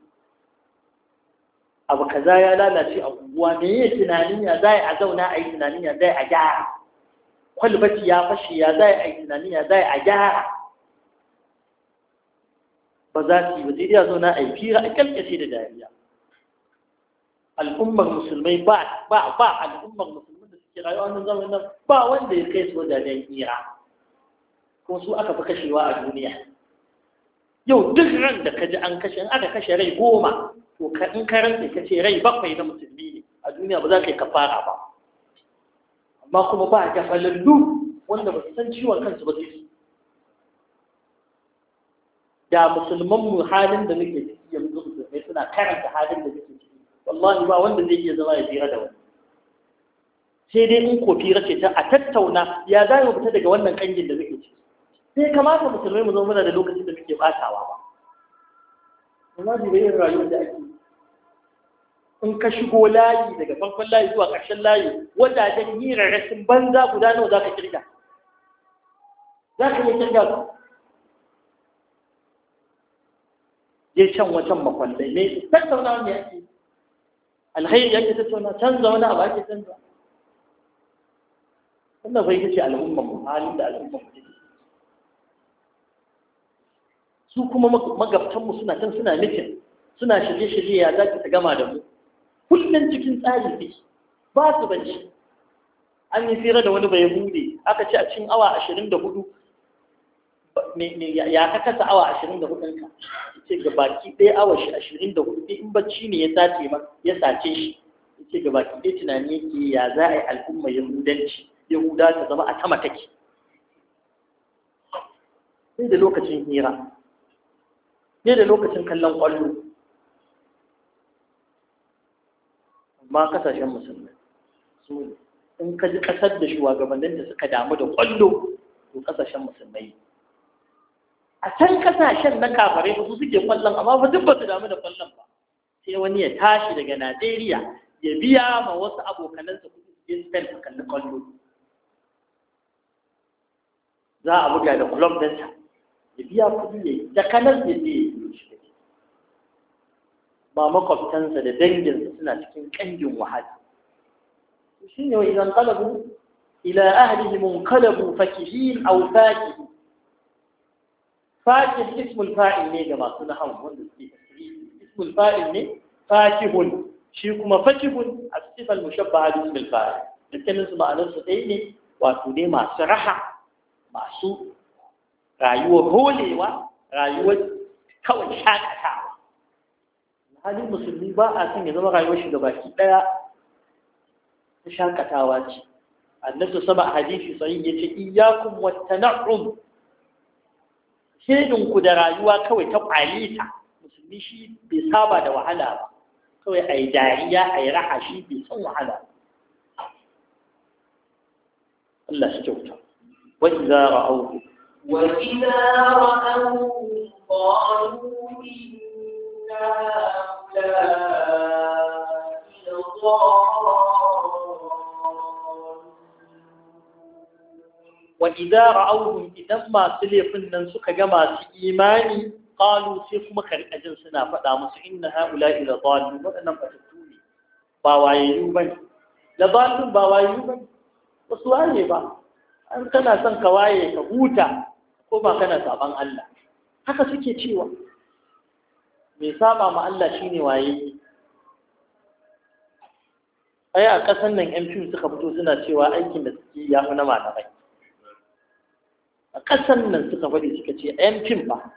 abu kaza ya lalace a guguwa me yi tunanin ya za a zauna a yi tunanin ya za a gyara kwalbati ya fashe ya za a yi tunanin ya za a gyara ba za su yi ba sai dai a zauna a yi fira a kyalkyace da dariya al'ummar musulmai ba ba al'ummar musulmai da suke rayuwa wannan zamanin nan ba wanda ya kai su wajajen tsira ko su aka fi kashewa a duniya yau duk ran da ka ji an kashe in aka kashe rai goma to in ka rantsa ka ce rai bakwai na musulmi ne a duniya ba za ka yi kafara ba amma kuma ba a gafalallu wanda ba su san ciwon kansu ba su da musulman mu halin da muke ciki yanzu musulmai suna karanta halin da muke wallahi ba wanda zai iya zama ya fira da wani sai dai in ko fira ce ta a tattauna ya za mu fita daga wannan kangin da muke ci sai kamata musulmai mu zo muna da lokacin da muke batawa ba wallahi bai yin rayuwar da ake in ka shigo layi daga farkon layi zuwa ƙarshen layi wajajen yi rarrasin banza guda nawa za ka kirga za ka iya kirga su je can wajen makwallai ne tattauna ne ake alkhairi yake tattauna canza wani abu ake canza wannan bai kace al'umma mu halin da al'umma mu su kuma magabtan mu suna can suna mikin suna shirye-shirye ya za ta gama da mu kullum cikin tsari ne ba su banci. an yi tsira da wani bai hude aka ce a cikin awa ashirin da hudu ya ka kasa awa ashirin da hudunka ce ga baki ɗaya awa shi ashirin da hudu in bacci ne ya sace ma ya sace shi ce ga baki ɗaya tunani yake ya za a yi al'umma yahudanci yahuda ta zama a sama take sai da lokacin hira sai da lokacin kallon ƙwallo amma kasashen musulmai su in ka ji ƙasar da shugabannin da suka damu da ƙwallo to ƙasashen musulmai a can kasashen na kafare ba su suke kwallon amma ba duk ba su damu da kwallon ba sai wani ya tashi daga Najeriya ya biya ma wasu abokanansa kuɗi su yin Spain a kalli kwallo za a buga da kulon dinsa ya biya kuɗi ya yi da kanar ya je ba makwabtansa da danginsa suna cikin ƙangin wahala shi ne wa idan kalabu? ila ahlihim munqalabu fakihin aw fakihin faqih ismul fa'il ne ga masu na nahwu wanda suke tasiri ismul fa'il ne faqihun shi kuma faqihun as-sifal mushabba bi ismil fa'il dukkanin su ma'anar su dai ne wato ne masu raha masu rayuwar holewa rayuwar kawai shakatawa Hali musulmi ba a son ya zama rayuwar shi gabaki ɗaya, ta shakatawa ce annabi sama a hadisi sahih yace iyyakum wat tan'um shedinku da rayuwa kawai ta ƙwalita musulmi shi bai saba da wahala ba kawai a yi dariya a yi raha shi bai san wahala Allah shi kyauta wani za a auku وإذا رأوا قالوا إنا أولئك لضالون wa idza ra'awhum idan masu laifin nan suka ga masu imani qalu sai kuma karkajin suna faɗa musu inna haula'i la dhalun wadannan fatattu ne ba wayayyu bane da dhalun ba wayayyu bane wasu waye ba an kana son ka waye ka huta ko ba kana saban Allah haka suke cewa mai saba ma Allah shine waye ai a ƙasan nan yan fim suka fito suna cewa aikin da suke ya fi na malamai a ƙasan nan suka faɗi suka ce ‘yan fim ba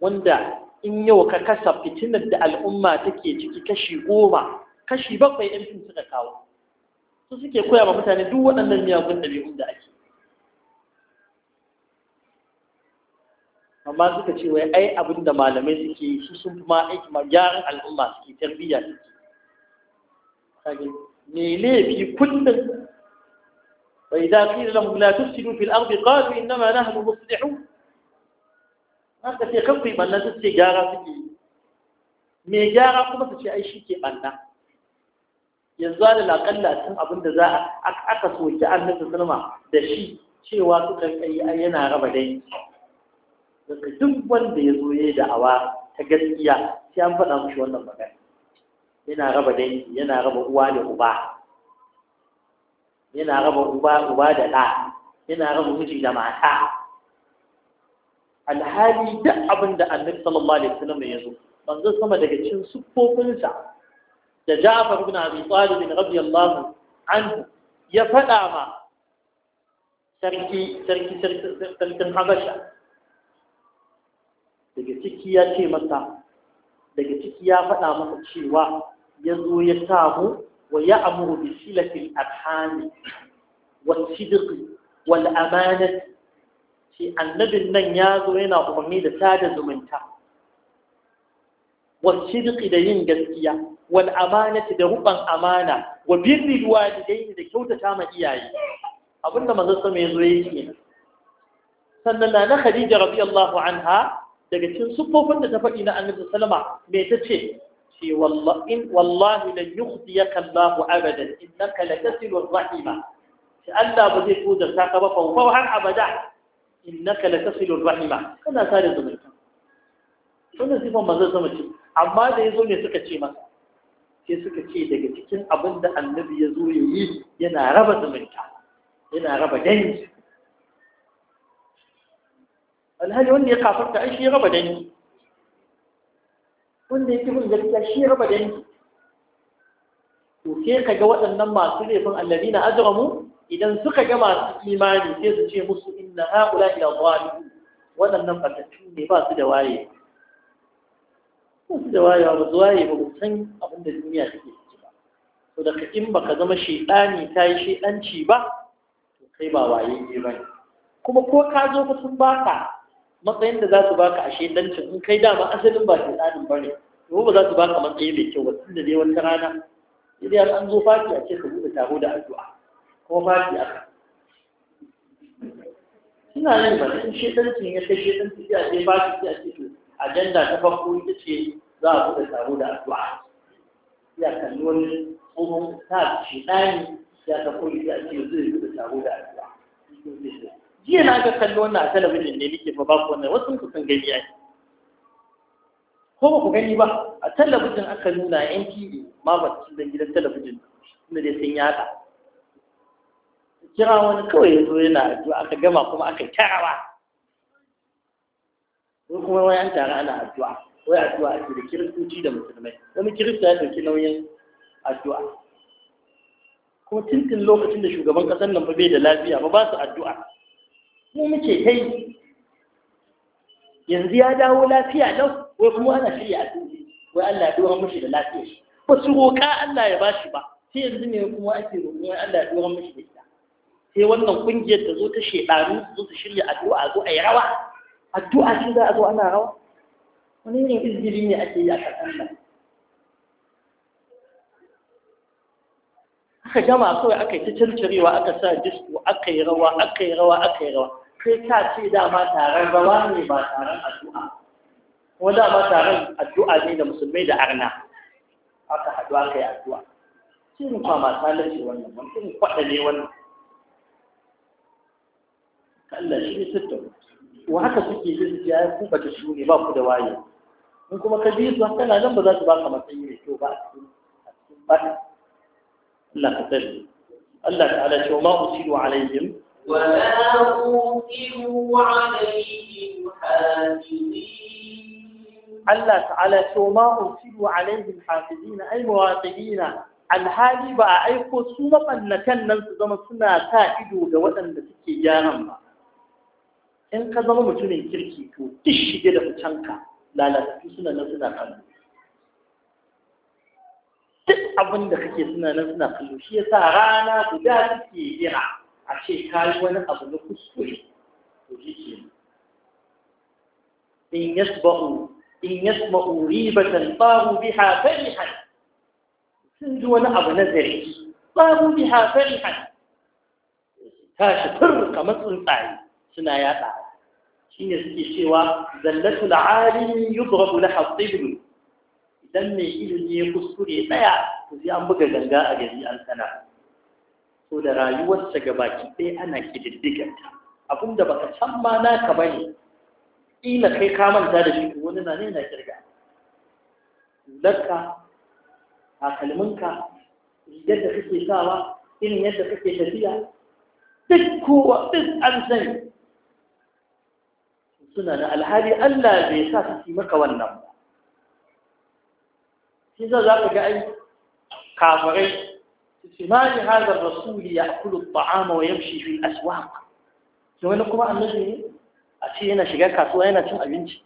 wanda in yau ka kasa fitinar da al'umma take ciki kashi goma kashi bakwai ‘yan fim suka kawo su suke koya ma mutane duk waɗannan miyagun ɗabi'un da ake amma suka ce wai ai abin da malamai suke yi su sun fi ma aiki ma gyaran al'umma suke tarbiyya suke me laifi kullum وإذا قيل لهم لا تفسدوا في الأرض قالوا إنما نحن مصلحون haka sai kan kuyi ɓanna su ce gyara suke yi mai gyara kuma su ce ai shi ke ɓanna yanzu da laƙalla cin abin da za a aka soki annabi sulma da shi cewa suka kai yana raba dai daga duk wanda ya zo ya yi da'awa ta gaskiya sai an faɗa mushi wannan magana yana raba dai yana raba uwa da uba yana raba uba uba da ɗa yana raba miji da mata alhali duk abin da annabi sallallahu alaihi wasallam ya zo manzo sama daga cikin siffofinsa da Ja'far ibn Abi Talib radiyallahu anhu ya faɗa ma sarki sarki sarkin Habasha daga ciki ya ce masa daga ciki ya faɗa masa cewa ya zo ya samu ويأمر بصلة الأرحام والصدق والأمانة في النبي من يازوين أمي لسادة زمنتا والصدق دين قسكية والأمانة دربا أمانة وبر الوالدين لكوتة كما إياي أبونا ما زلتم يزويتين سننا نخديجة رضي الله عنها daga cikin siffofin da ta faɗi na annabi sallama me ta ce ce wallahi da kan lan yukhdiyaka Allah abadan innaka latasilu rahima shi Allah ba zai tozar ta ka ba fa har abada innaka latasilu rahima kana sare zumunta wannan sifan manzon sama ce amma da ya yazo ne suka ce masa sai suka ce daga cikin abin da annabi ya zo ya yi yana raba zumunta yana raba dangi alhali wanda ya kafarta ai shi ya raba dangi wanda yake mun gaskiya shi raba dangi to sai ka ga waɗannan masu laifin allazi na ajramu idan suka ga masu imani sai su ce musu inna haula ila zalimin waɗannan fatattu ne ba su da waye ba su da waye ba su waye ba mu san abin da duniya take ciki ba to da in baka zama shedani ta yi shedanci ba to kai ba waye ne ba kuma ko ka zo ka sun baka matsayin da za su baka ashe shedancin in kai dama asalin ba ke ba ne domin ba za su baka matsayi mai kyau wasu da dai wata rana idan an zo fati a ce ka bude taro da addu'a kuma fati ka suna nan ba in shedancin ya kai shedancin sai ya ce fati sai a ce to ajanda ta farko ita ce za a bude taro da addu'a ya kalli wani tsohon ta shi shedani ya ta koyi ya a ce zai bude taro da addu'a jiya na ga kallo wannan a talabijin ne nake ba ba ku wannan wasu ku san gani ai ko ba ku gani ba a talabijin aka nuna a NTV ma ba su zan gidan talabijin inda dai sun yaka kira wani kawai ya zo yana addu'a aka gama kuma aka tarawa ko kuma wai an tara ana addu'a wai addu'a ake da kiristoci da musulmai wani kirista ya dauki nauyin addu'a kuma tuntun lokacin da shugaban ƙasar nan ba bai da lafiya ba ba su addu'a mu muke kai yanzu ya dawo lafiya lau wai kuma ana shirya asiri wai Allah ya dora mishi da lafiya shi ba su roƙa Allah ya bashi ba sai yanzu ne kuma ake roƙon Allah ya dora mishi da ita sai wannan kungiyar da zo ta shedanu zo su shirya addu'a zo a yi rawa addu'a shi za a zo ana rawa wani ne izgiri ne ake yi a ƙasar nan aka gama kawai aka yi ta cancarewa aka sa disko aka yi rawa aka yi rawa aka yi rawa kai ka ce dama taron rawa ne ba taron addu'a kuma dama taron addu'a ne da musulmai da arna aka haɗu aka yi addu'a cin kwama ta lashe wannan mutum kwaɗa ne wannan Allah shi ne wa haka suke yin ya ku ba ta shune ba ku da waye in kuma ka bi su haka nan ba za su baka matsayi mai kyau ba a cikin ba Allah ka tsare Allah ta'ala ce wa ma usiru alaihim ولا أوكلوا عليهم حافظين الله تعالى وما أرسلوا عليهم حافظين أي مواطنين alhali ba a aiko su mafallakan nan su zama suna sa ido da waɗanda suke gyaran ba in ka zama mutumin kirki to duk shige da mutanka, lalatattu suna nan suna kallo duk abin da kake suna nan suna kallo shi ya sa rana guda suke jira a ce ka wani abu na kuskure to shi ke in yasba'u in yasma'u ribatan babu biha farihan sun ji wani abu na zargi babu biha farihan tashi fur kamar tsuntsaye suna yada shi ne suke cewa zallatul alimi yudrabu laha dhiblu idan mai ilimi ya kuskure daya to sai an buga ganga a gari an sana so da rayuwarsa ga baki ɗaya ana ƙididdigarta abin da baka san ma naka ba ne ƙila kai ka manta da shi wani na ne na kirga hularka takalminka rigar da kake sawa irin yadda kake tafiya duk kowa duk an sani suna na alhali Allah bai sa su yi maka wannan ba shi za ka ga ai kafirai ما هذا الرسول يأكل الطعام ويمشي في الأسواق لو أنا كما النبي أشي هنا شجاع كسوة هنا شو أبنتي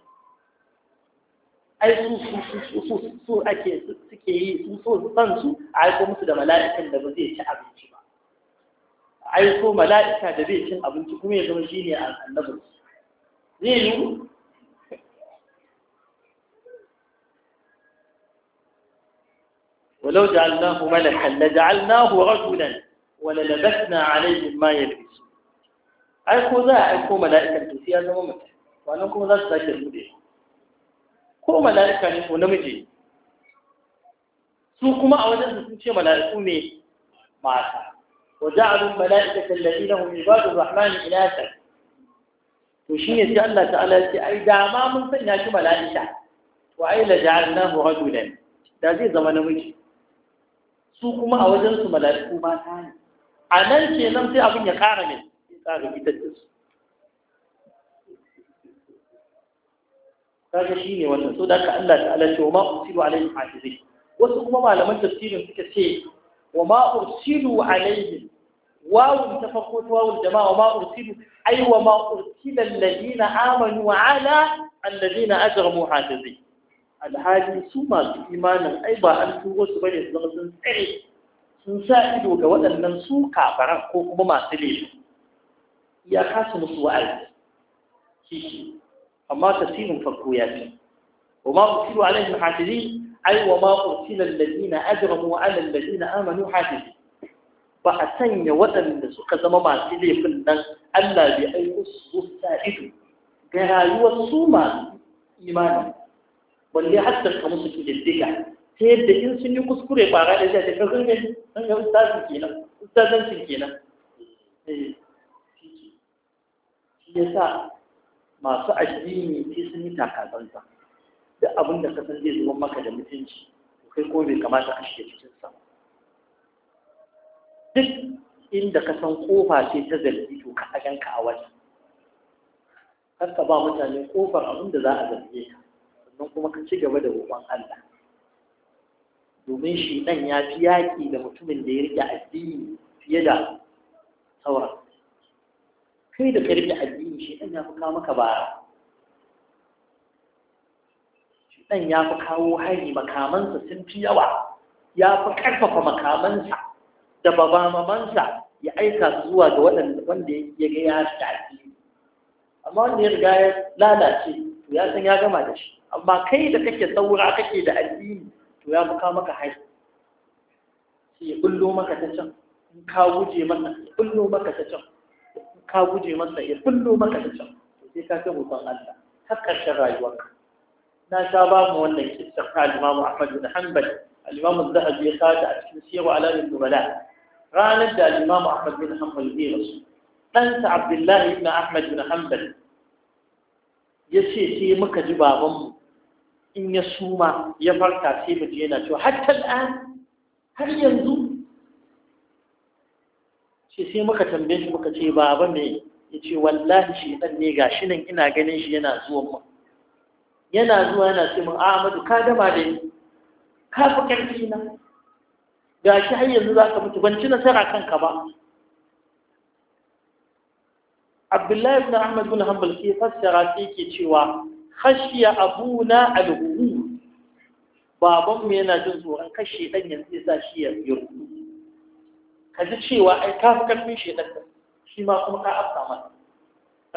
أي سو سو سو سو سو أكيد سكي سو سو تنسو عايزة مثل ملائكة النبي شو أبنتي عايزة ملائكة النبي شو أبنتي كم يجمع جيني النبي زينو ولو جعلناه ملكا لجعلناه رجلا وللبسنا عليهم ما يلبسون ai ko za a aiko mala'ika to sai ya zama mutum wannan kuma za su sake bude ko mala'ika ne ko namiji su kuma a wajen sun ce mala'iku ne mata wa ja'alu mala'ikata alladhina hum ibadu rahmani inatha to shine sai Allah ta'ala ya ce ai da ma mun sanya shi mala'ika wa ai la ja'alnahu rajulan da zai zama namiji su kuma a wajen su mala'iku ta ne a nan ke nan sai abin ya ƙara ne ya ƙara fitar da su kaga shine wannan so da ka Allah ta'ala ce wa ma ursilu alaihim hafizin wasu kuma malaman tafsirin suka ce wa ma ursilu alaihim wawun ta farko ta wawun jama'a wa ma ursilu ai wa ma ursila alladhina amanu ala alladhina ajramu hafizai. alhali su masu imanin ai ba an turo su bane su zama sun tsare sun sa ido ga waɗannan su kafaran ko kuma masu laifi ya kasa musu wa'azi shi amma tasirin farko ya fi وما أرسلوا عليهم حافظين أي وما أرسل الذين أجرموا على الذين آمنوا حافظين ba a sanya waɗanda suka zama masu laifin nan Allah bai aiko su zo sa ido ga rayuwar su masu imanin balle har ta kamu su diga ta yadda in sun yi kuskure kwara da shi ta kan gani an ga ustazin kenan ustazancin kenan eh shi yasa masu addini sai sun yi takatsantsa duk abin da ka san zai zuba maka da mutunci kai ko bai kamata a shiga cikin sa duk inda ka san kofa ce ta zargi to ka ganka a wani, kar ka ba mutane kofar abin da za a zarge ka don kuma ka ci gaba da roƙon Allah domin shi ɗan ya fi yaƙi da mutumin da ya riƙe addini fiye da sauran kai da ka riƙe addini shi ɗan ya fi kawo maka bara shi ɗan ya fi kawo hari makamansa sun fi yawa ya fi ƙarfafa makamansa da babamamansa ya aika su zuwa ga waɗanda wanda ya ga ya fi addini amma wanda ya riga ya lalace to ya san ya gama da shi amma kai da kake saura kake da addini to ya muka maka hari sai ya bullo maka ta can in ka guje masa ya bullo maka ta can in ka guje masa ya bullo maka ta can sai ka ga roƙon Allah har ƙarshen rayuwarka na sha ba mu wannan kissa ta Imam Ahmad bin Hanbal Imam Az-Zahabi ya sada a cikin Sirru Alamin Nubala ranar da Imam Ahmad bin Hanbal zai rasu ɗansa Abdullahi ibn Ahmad bin Hanbal ya ce sai muka ji babanmu in ya suma ya farka sai mu yana cewa hatta al'an har yanzu sai sai muka tambaye shi muka ce baba me ya ce wallahi shi dan ne ga shi nan ina ganin shi yana zuwa mu yana zuwa yana ce mun Ahmadu ka gama da ni ka fi karfi na Ga gashi har yanzu zaka mutu ban ci nasara kanka ba Abdullahi ibn Ahmad ibn Hanbal ke fassara sai ke cewa khashiya abuna al baban mu yana jin tsoron kashe dan yanzu ya sa shi ya yi ka ji cewa ai ka fi karfin shi dan shi ma kuma ka afka masa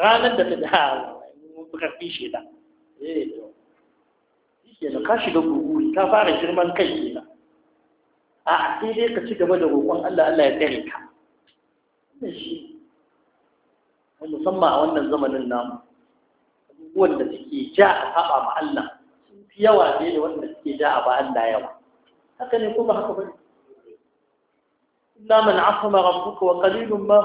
ranar da ta da mun fi karfin eh, shi dan eh shi ne kashi da gugu ka fara girman kai ne a sai dai ka ci gaba da roƙon Allah Allah ya tsare ka wannan shi musamman a wannan zamanin namu abubuwan da suke ja a saba ma Allah sun fi yawa ne da wanda suke ja a ba Allah yawa haka ne kuma haka bane mana man afama rabbuka wa qalilun ma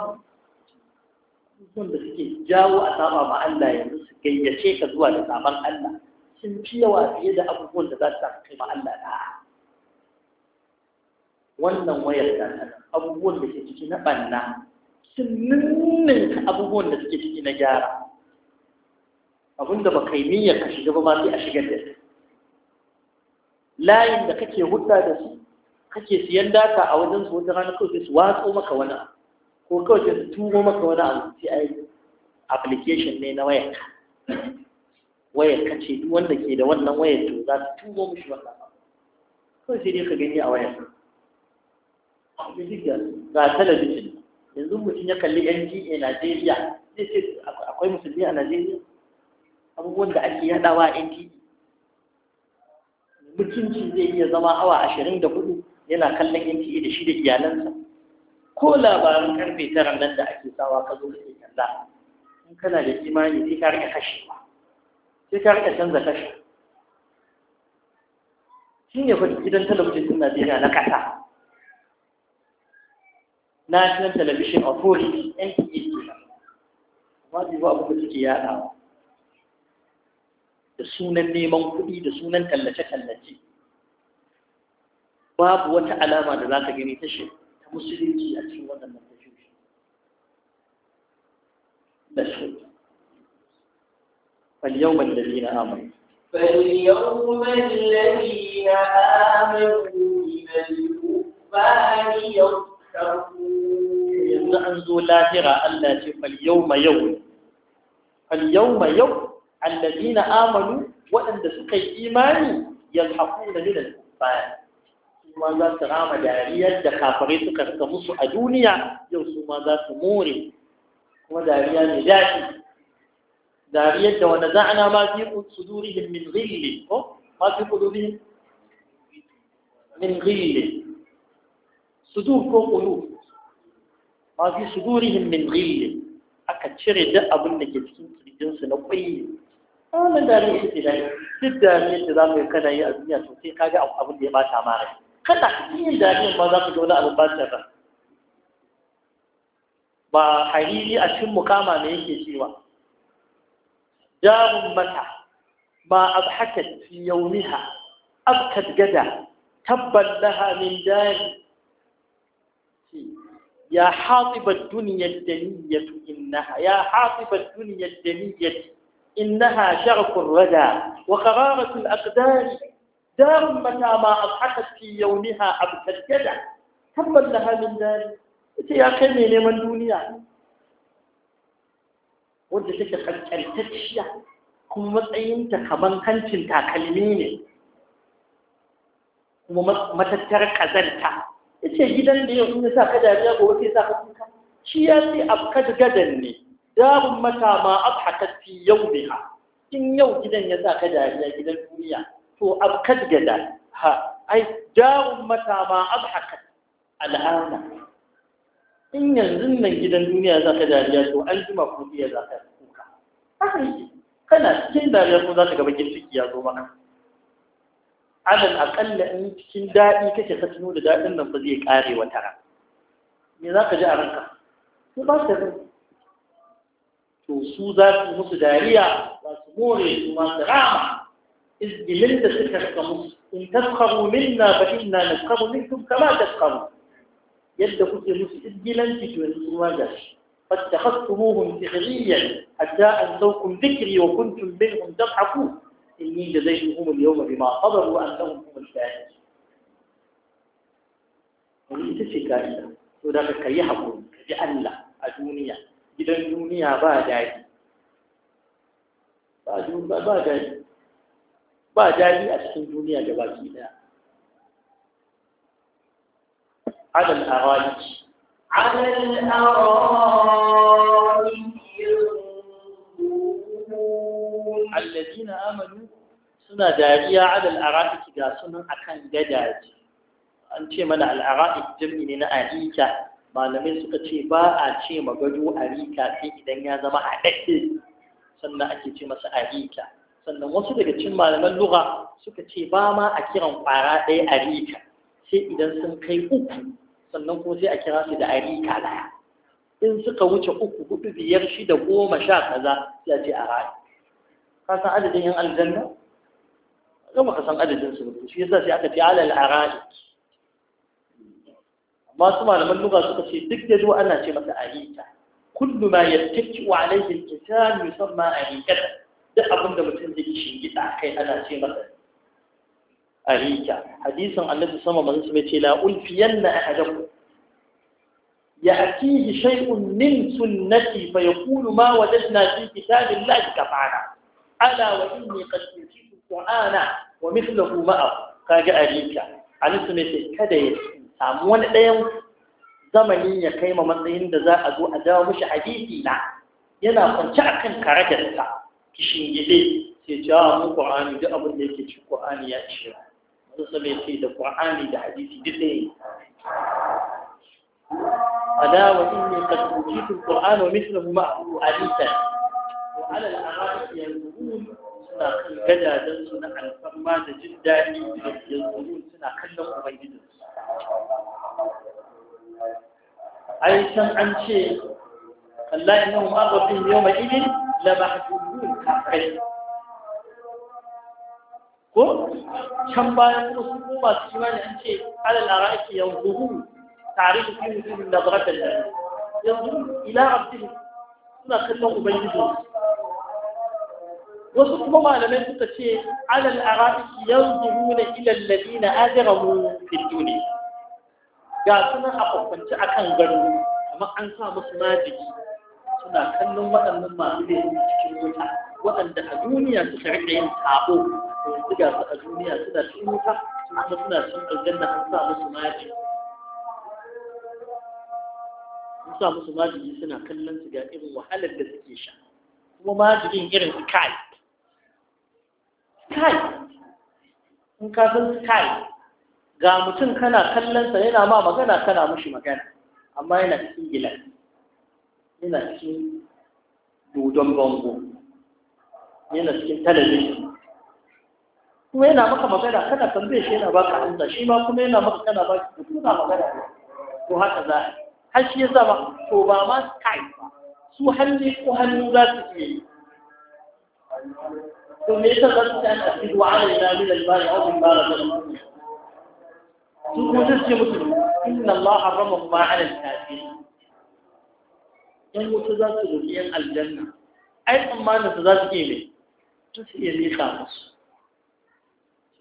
abubuwan da suke jawo a saba ma Allah yanzu su gayyace ka zuwa da saban Allah sun fi yawa fiye da abubuwan da za su kai ma Allah da'a wannan wayar da abubuwan da ke ciki na banna sun ninninka abubuwan da suke ciki na gyara abinda ba kai niyyar ka shiga ba ma sai a shigar da shi layin da kake hudda da su kake siyan data a wajen su wajen ranar kawai su watsa maka wani abu ko kawai sai su tumo maka wani abu sai ai application ne na wayar ka wayar ka ce duk wanda ke da wannan wayar to za su tumo mishi wannan abu kawai sai dai ka gani a wayar ga talabijin yanzu mutum ya kalli NGA Najeriya zai ce akwai musulmi a Najeriya abubuwan da ake yadawa a NTV mutunci zai iya zama awa ashirin da hudu yana kallon NTV da shi da iyalansa ko labaran karfe tara nan da ake sawa ka zo kake kalla in kana da imani sai ka rika kashewa sai ka rika canza kashe shi ne kudi gidan talabijin suna Najeriya na kasa National Television Authority NTA ke ba abu da suke yadawa da sunan neman kuɗi da sunan tallace-tallace babu wata alama da za ka gani ta shi ta musulunci a cikin waɗannan tashoshi da su فاليوم الذين آمنوا فاليوم الذين آمنوا من الكفار يضحكون يزعزوا لاهرة ألا فاليوم يوم فاليوم يوم allazina amanu waɗanda suka yi imani yalhaquna min nuna kuffar su ma za su rama dariyar da kafirai suka suka musu a duniya yau su ma za su more kuma dariya mai daɗi dariyar da wanda za ana ma fi sudurihim min ghilli ko ma fi qulubihim min ghilli sudur ko kulu? ma fi sudurihim min ghilli aka cire duk abin da ke cikin kirjinsu na ƙwayi wannan dariyar ita ce dariyar duk dariyar da za mu yi kana yi a duniya to sai ka ga abin da ya bata ma rai kada yin dariyar ma za ku ga wani abin bata rai ba hariri a cikin mukama ne yake cewa darun mata ma abhakat fi yawmiha abkat gada tabban laha min dari ya hatiba duniyar daniyatu innaha ya hatiba duniyar daniyatu إنها شرف الردى وقرارة الأقدار دار متى ما أضحكت في يومها أبت الجدع هم لها من ذلك أنت يا كمين من دونيا وانت تكتب قد ألتشيا كم مطعين تخبن كنتم تاكلمين كم مطعين كزلتا أنت جدا لي أنت ساقدر يا أبو أتي ساقدر شياتي أبكت جدا darun mata ma yau fi yawmiha in yau gidan ya sa ka dariya gidan duniya to abkat gada ha ai darun mata ma abhakat al'ana in yanzu nan gidan duniya za ka dariya to an jima ko biya za ka kuka haka yake kana cikin dariya ko za ka gaba ciki ya zo maka alal aƙalla in cikin daɗi kake ka tuno da daɗin nan ba zai ƙare wata ran me za ka ji a ranka ko ba ka توصودات ومصر دارية واسموري ومانترامة إذ بمن تسكر كمصر إن تسخروا منا فإنا نسخروا منكم كما تسخروا يبدأ قلت لمصر إذ بمن تسكر كمصر فاتخذتموهم سخريا حتى أنسوكم ذكري وكنتم منهم تضحكون إني جزيتهم اليوم بما قبروا أنهم هم الفاسد وإن تسكر كمصر ودعك كيحكم كجعل الدنيا gidan duniya ba daɗi ba duniya ba daɗi ba daɗi a cikin duniya da baki ɗaya على الأرائك على الأرائك الذين آمنوا suna dariya alal ara'iki ga sunan akan gadaje an ce mana al'ara'ik jami'i ne na arika malamai suka ce ba a ce magado a rika sai idan ya zama haɗaɗɗe sannan ake ce masa a rika sannan wasu daga cin malaman lura suka ce ba ma a kiran ƙwara ɗaya a rika sai idan sun kai uku sannan kuma sai a kira su da a rika ɗaya in suka wuce uku hudu biyar shida goma sha kaza sai a ce a ra'i ka san adadin yan aljanna zama ka san adadin su shi yasa sai aka ce alal ara'ik masu malaman luga suka ce duk da zuwa ana ce masa arika kullu ma yattaki wa alaihi al-kitab yusamma arikatan duk abin da mutum zai shingida kai ana ce masa arika hadisin annabi sama manzo sai ce la ulfiyanna ahadakum يأتيه شيء من سنتي فيقول ما وجدنا في كتاب الله كفانا ألا وإني قد أوتيت القرآن ومثله معه فجاء ليك عن سنة كذا samu wani ɗayan zamani ya kai ma matsayin da za a zo a jawo mashi hadisi na yana kwanci a kan karagarsa ki shingide sai jawo ah, mu ƙwa'ani duk abin da yake ci ƙwa'ani ya ci ba wasu sabai sai da ƙwa'ani da hadisi duk ɗaya yi a dawo in ne ka tuki tu ƙwa'ani wa mislim ma a ku alisa ko alal arabi ya zuru suna kan gada gadajensu na alfarma da jin daɗi da ya zuru suna kallon ubangijinsu ai san an ce Allah innahum arrafin yawma idin la mahdudun kafirin ko can bayan kuma sun koma su imani an ce alal ara'iki yanzuhu ta'rifu fi wujuhihim nadratan yanzu ila rabbihim suna kallon ubangiji wasu kuma malamai suka ce alal arabiki yanzuruna ila alladina ajramu fid dunya ga sunan a kwakwanci akan gado kamar an sa musu majiki suna kallon waɗannan masu da cikin wuta waɗanda a duniya suka rike yin sabo yanzu ga su a duniya suna cikin wuta kuma suna cikin aljanna an sa musu majiki an sa musu majiki suna kallon su ga irin wahalar da suke sha kuma majigin irin ikai sky in ka san sky ga mutum kana kallonsa yana ma magana kana mushi magana amma yana cikin gilas yana cikin dodon bango yana cikin talabijin kuma yana maka magana kana tambaye shi yana baka amsa shi ma kuma yana maka kana baki shi kuna magana ko haka za har shi ya zama to ba ma sky ba su hannu ko hannu za su iya yi ثم يتغلق أن أخذوا علينا من المال أو من مال المسلمين سوء مسلم إن الله حرمهما على الكافرين in wuta za su roƙi yan aljanna ai tsammanin su za su iya mai ta su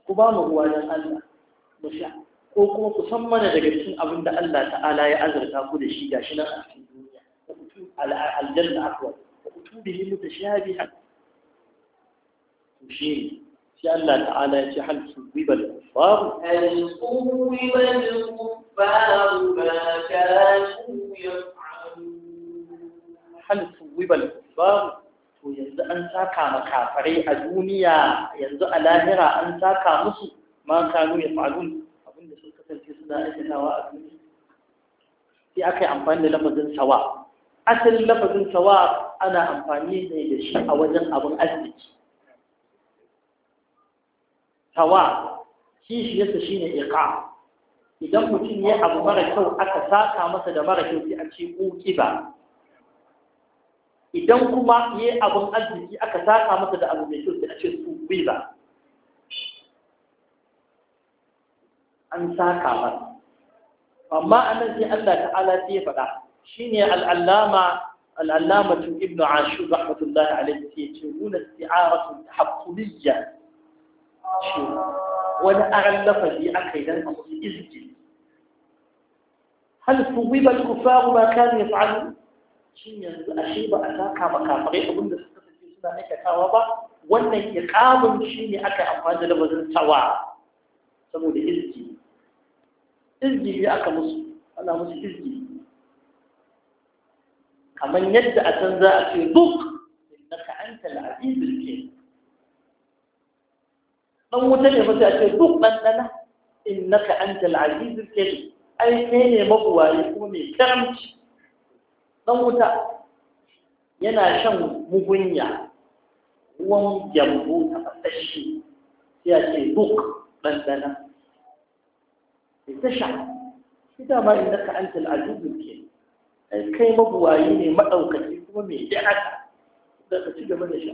ku Allah ko kuma ku san mana daga cikin abin da Allah ta'ala ya azurta ku da shi gashi nan a cikin duniya ku aljanna akwai ku tubihi mutashabihan shi sai Allah ta'ala ya ce hal suwiba al-kuffar hal suwiba al-kuffar ma kanu yaf'alun hal suwiba al-kuffar to yanzu an saka ma kafarai a duniya yanzu a lahira an saka musu ma kanu yaf'alun abinda sun kasance suna aikatawa a duniya sai aka yi amfani da lafazin sawa asalin lafazin sawa ana amfani ne da shi a wajen abin arziki sawa kishiyarsa ne iqa idan mutum ya abu mara kyau aka saka masa da mara kyau sai a ce ba, idan kuma ya abun arziki aka saka masa da abu mai kyau sai a ce ba, an saka ba. amma anan sai Allah ta'ala sai ya faɗa shine al-allama al-allamatu ibnu ashur rahmatullahi alayhi sai ya ce huna ta tahqquliyya ce wani aran lafazi aka yi don a musu izgi hal su wiba kufaru ba kan ya fa'alu shin yanzu ashe ba a saka ba abin da suka kasance suna aikatawa ba wannan ya iqamun shi ne aka amfani da lafazin tawa saboda izgi izgi ne aka musu ana musu izgi kamar yadda a can za a ce duk Ɗan wuta ne mace ce duk ɗanɗana innaka antal azizul karim ai kai ne mabuwaye kuma mai karamci Ɗan wuta yana shan mugunya ruwan gyambo ta fasashi sai a ce duk ɗanɗana ta sha ita ma in innaka antal azizul karim ai kai mabuwaye ne maɗaukaci kuma mai da'ata da ka ci gaba da sha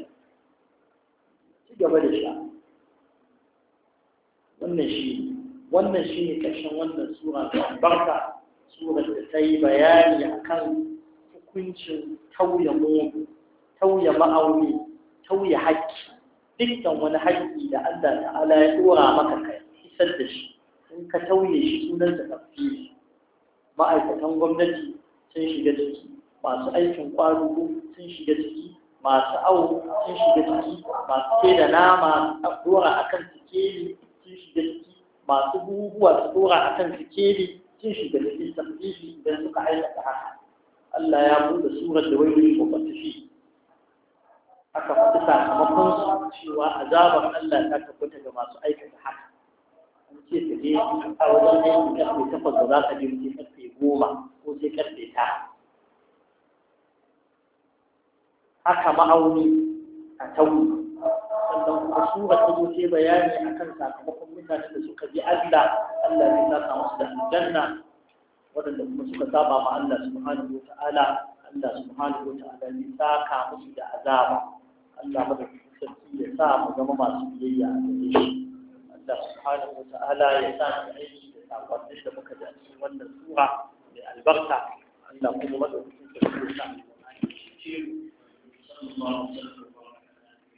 ci gaba da sha wannan shi wannan shi ne ƙarshen wannan sura ta albarka sura da ta yi bayani a kan hukuncin tauya mugu tauya ma'auni tauya haƙƙi dukkan wani haƙƙi da Allah ta'ala ya ɗora maka ka isar da shi in ka tauye shi sunan da tafiye ma'aikatan gwamnati sun shiga ciki masu aikin ƙwaro sun shiga ciki masu awo sun shiga ciki masu ke da nama a ɗora akan sikeli kishi da jiki masu buhuhuwa su dora a kan sikeli kishi da jiki tasbihi idan suka aikata haka Allah ya buɗe surar da wani ko fatishi aka faɗi sakamakon su cewa azabar Allah ta tabbata ga masu aikata haka an ce su je a wajen aiki karfe takwas da za ka je sai karfe goma ko sai karfe tara haka ma'auni a tauni sannan kuma sura ta zo sai bayani akan sakamakon mutanen da suka bi Allah Allah zai saka musu da aljanna waɗanda kuma suka saba ma Allah subhanahu wa ta'ala Allah subhanahu wa ta'ala zai saka musu da azaba Allah madaukakin sarki ya sa mu zama masu biyayya a gare shi Allah subhanahu wa ta'ala ya sa mu aiki da sakonnin da muka ji a cikin wannan sura mai albarka Allah kuma madaukakin sarki ya sa mu aiki da shi Allah